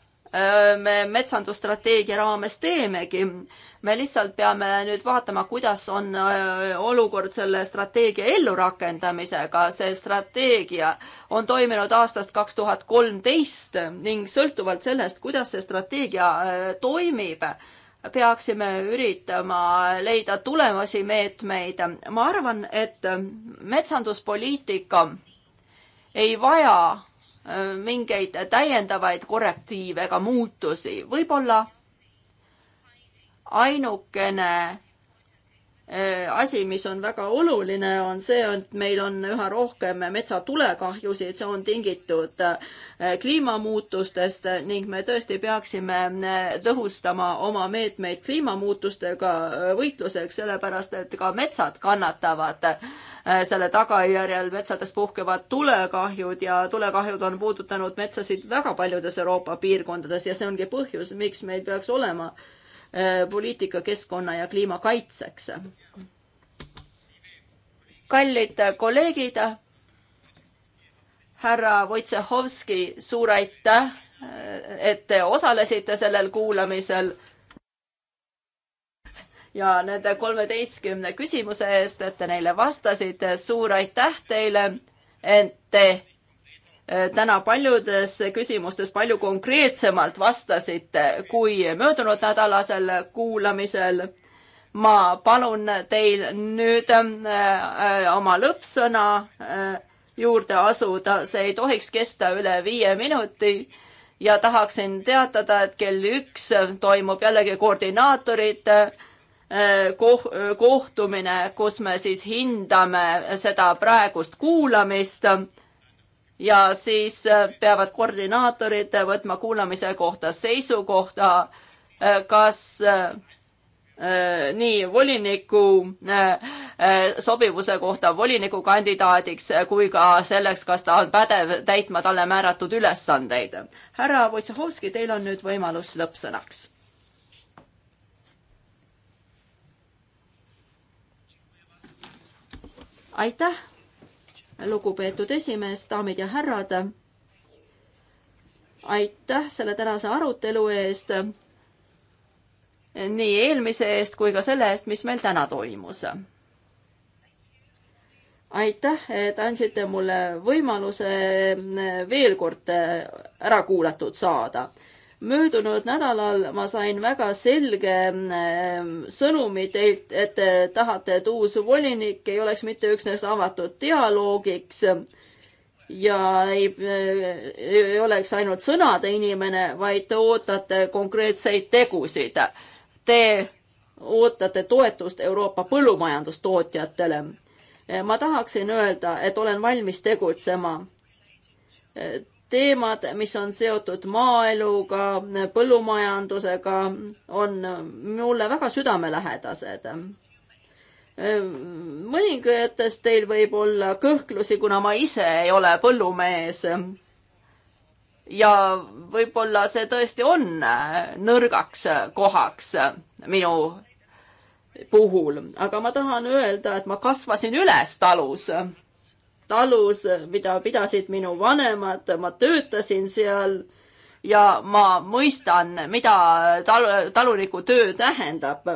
me metsandusstrateegia raames teemegi. me lihtsalt peame nüüd vaatama, kuidas on olukord selle strateegia ellurakendamisega. see strateegia on toiminud aastast kaks tuhat kolmteist ning sõltuvalt sellest, kuidas see strateegia toimib, peaksime üritama leida tulemusi meetmeid. ma arvan, et metsanduspoliitika ei vaja mingeid täiendavaid korrektiive ega muutusi. võib-olla ainukene Äh, asi, mis on väga oluline, on see, et meil on üha rohkem metsatulekahjusid, see on tingitud äh, kliimamuutustest ning me tõesti peaksime äh, tõhustama oma meetmeid kliimamuutustega võitluseks, sellepärast et ka metsad kannatavad selle tagajärjel. metsades puhkevad tulekahjud ja tulekahjud on puudutanud metsasid väga paljudes Euroopa piirkondades ja see ongi põhjus, miks meil peaks olema Äh, poliitika keskkonna ja kliima kaitseks. kallid kolleegid, härra Wojciechowski, suur aitäh, et te osalesite sellel kuulamisel ja nende kolmeteistkümne küsimuse eest, et te neile vastasite. suur aitäh teile, et te Äh, täna paljudes küsimustes palju konkreetsemalt vastasite kui möödunud nädalasel kuulamisel. ma palun teil nüüd äh, äh, oma lõppsõna juurde asuda, see ei tohiks kesta üle viie minuti ja tahaksin teatada, et kell üks toimub jällegi koordinaatorite koh-, kohtumine, kus me siis hindame seda praegust kuulamist ja siis äh, peavad koordinaatorid võtma kuulamise kohta seisukohta, äh, kas äh, nii voliniku sobivuse kohta volinikukandidaadiks kui ka selleks, kas ta on pädev täitma talle määratud ülesandeid. härra Vojtšahovski, teil on nüüd võimalus lõppsõnaks. aitäh lugupeetud esimees, daamid ja härrad. aitäh selle tänase arutelu eest. nii eelmise eest kui ka selle eest, mis meil täna toimus. aitäh, et andsite mulle võimaluse veel kord ära kuulatud saada möödunud nädalal ma sain väga selge ähm, sõnumi teilt, et te tahate, et uus volinik ei oleks mitte üksnes avatud dialoogiks ja ei, äh, ei oleks ainult sõnade inimene, vaid te ootate konkreetseid tegusid. Te ootate toetust Euroopa põllumajandustootjatele. Äh, ma tahaksin öelda, et olen valmis tegutsema äh, teemad, mis on seotud maaeluga, põllumajandusega, on mulle väga südamelähedased. mõningates teil võib olla kõhklusi, kuna ma ise ei ole põllumees. ja võib-olla see tõesti on nõrgaks kohaks minu puhul, aga ma tahan öelda, et ma kasvasin üles talus talus, mida pidasid minu vanemad, ma töötasin seal ja ma mõistan, mida tal-, taluniku töö tähendab.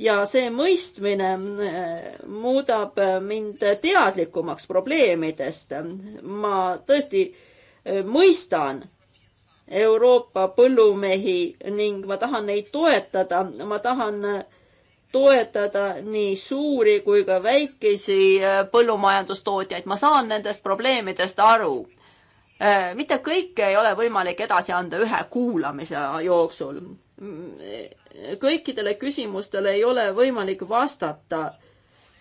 ja see mõistmine eh, muudab mind teadlikumaks probleemidest. ma tõesti eh, mõistan Euroopa põllumehi ning ma tahan neid toetada, ma tahan äh, toetada nii suuri kui ka väikesi äh, põllumajandustootjaid. ma saan nendest probleemidest aru. Äh, mitte kõike ei ole võimalik edasi anda ühe kuulamise jooksul. Mm, kõikidele küsimustele ei ole võimalik vastata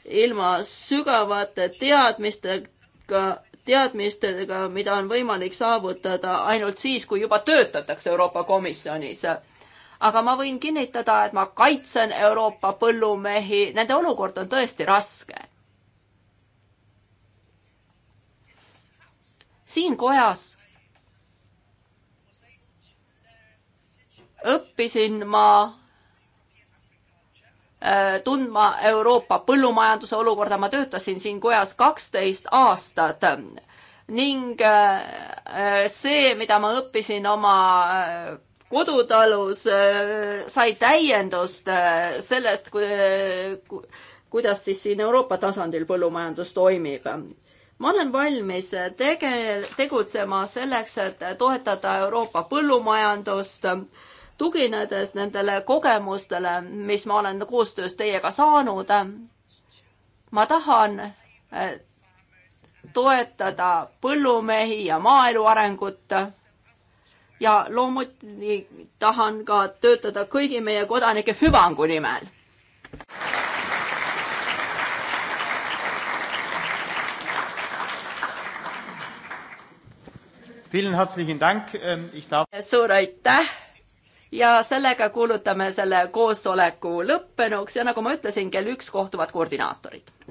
ilma sügavate teadmistega, teadmistega, mida on võimalik saavutada ainult siis, kui juba töötatakse Euroopa Komisjonis aga ma võin kinnitada, et ma kaitsen Euroopa põllumehi, nende olukord on tõesti raske. siin kojas õppisin ma äh, tundma Euroopa põllumajanduse olukorda, ma töötasin siin kojas kaksteist aastat ning äh, äh, see, mida ma õppisin oma kodutalus äh, sai täiendust äh, sellest, kuidas siis siin Euroopa tasandil põllumajandus toimib. ma olen valmis tege-, tegutsema selleks, et toetada Euroopa põllumajandust, tuginedes nendele kogemustele, mis ma olen koostöös teiega saanud. ma tahan äh, toetada põllumehi ja maaelu arengut ja loomulikult tahan ka töötada kõigi meie kodanike hüvangu nimel. Ähm, suur aitäh ja sellega kuulutame selle koosoleku lõppenuks ja nagu ma ütlesin, kell üks kohtuvad koordinaatorid.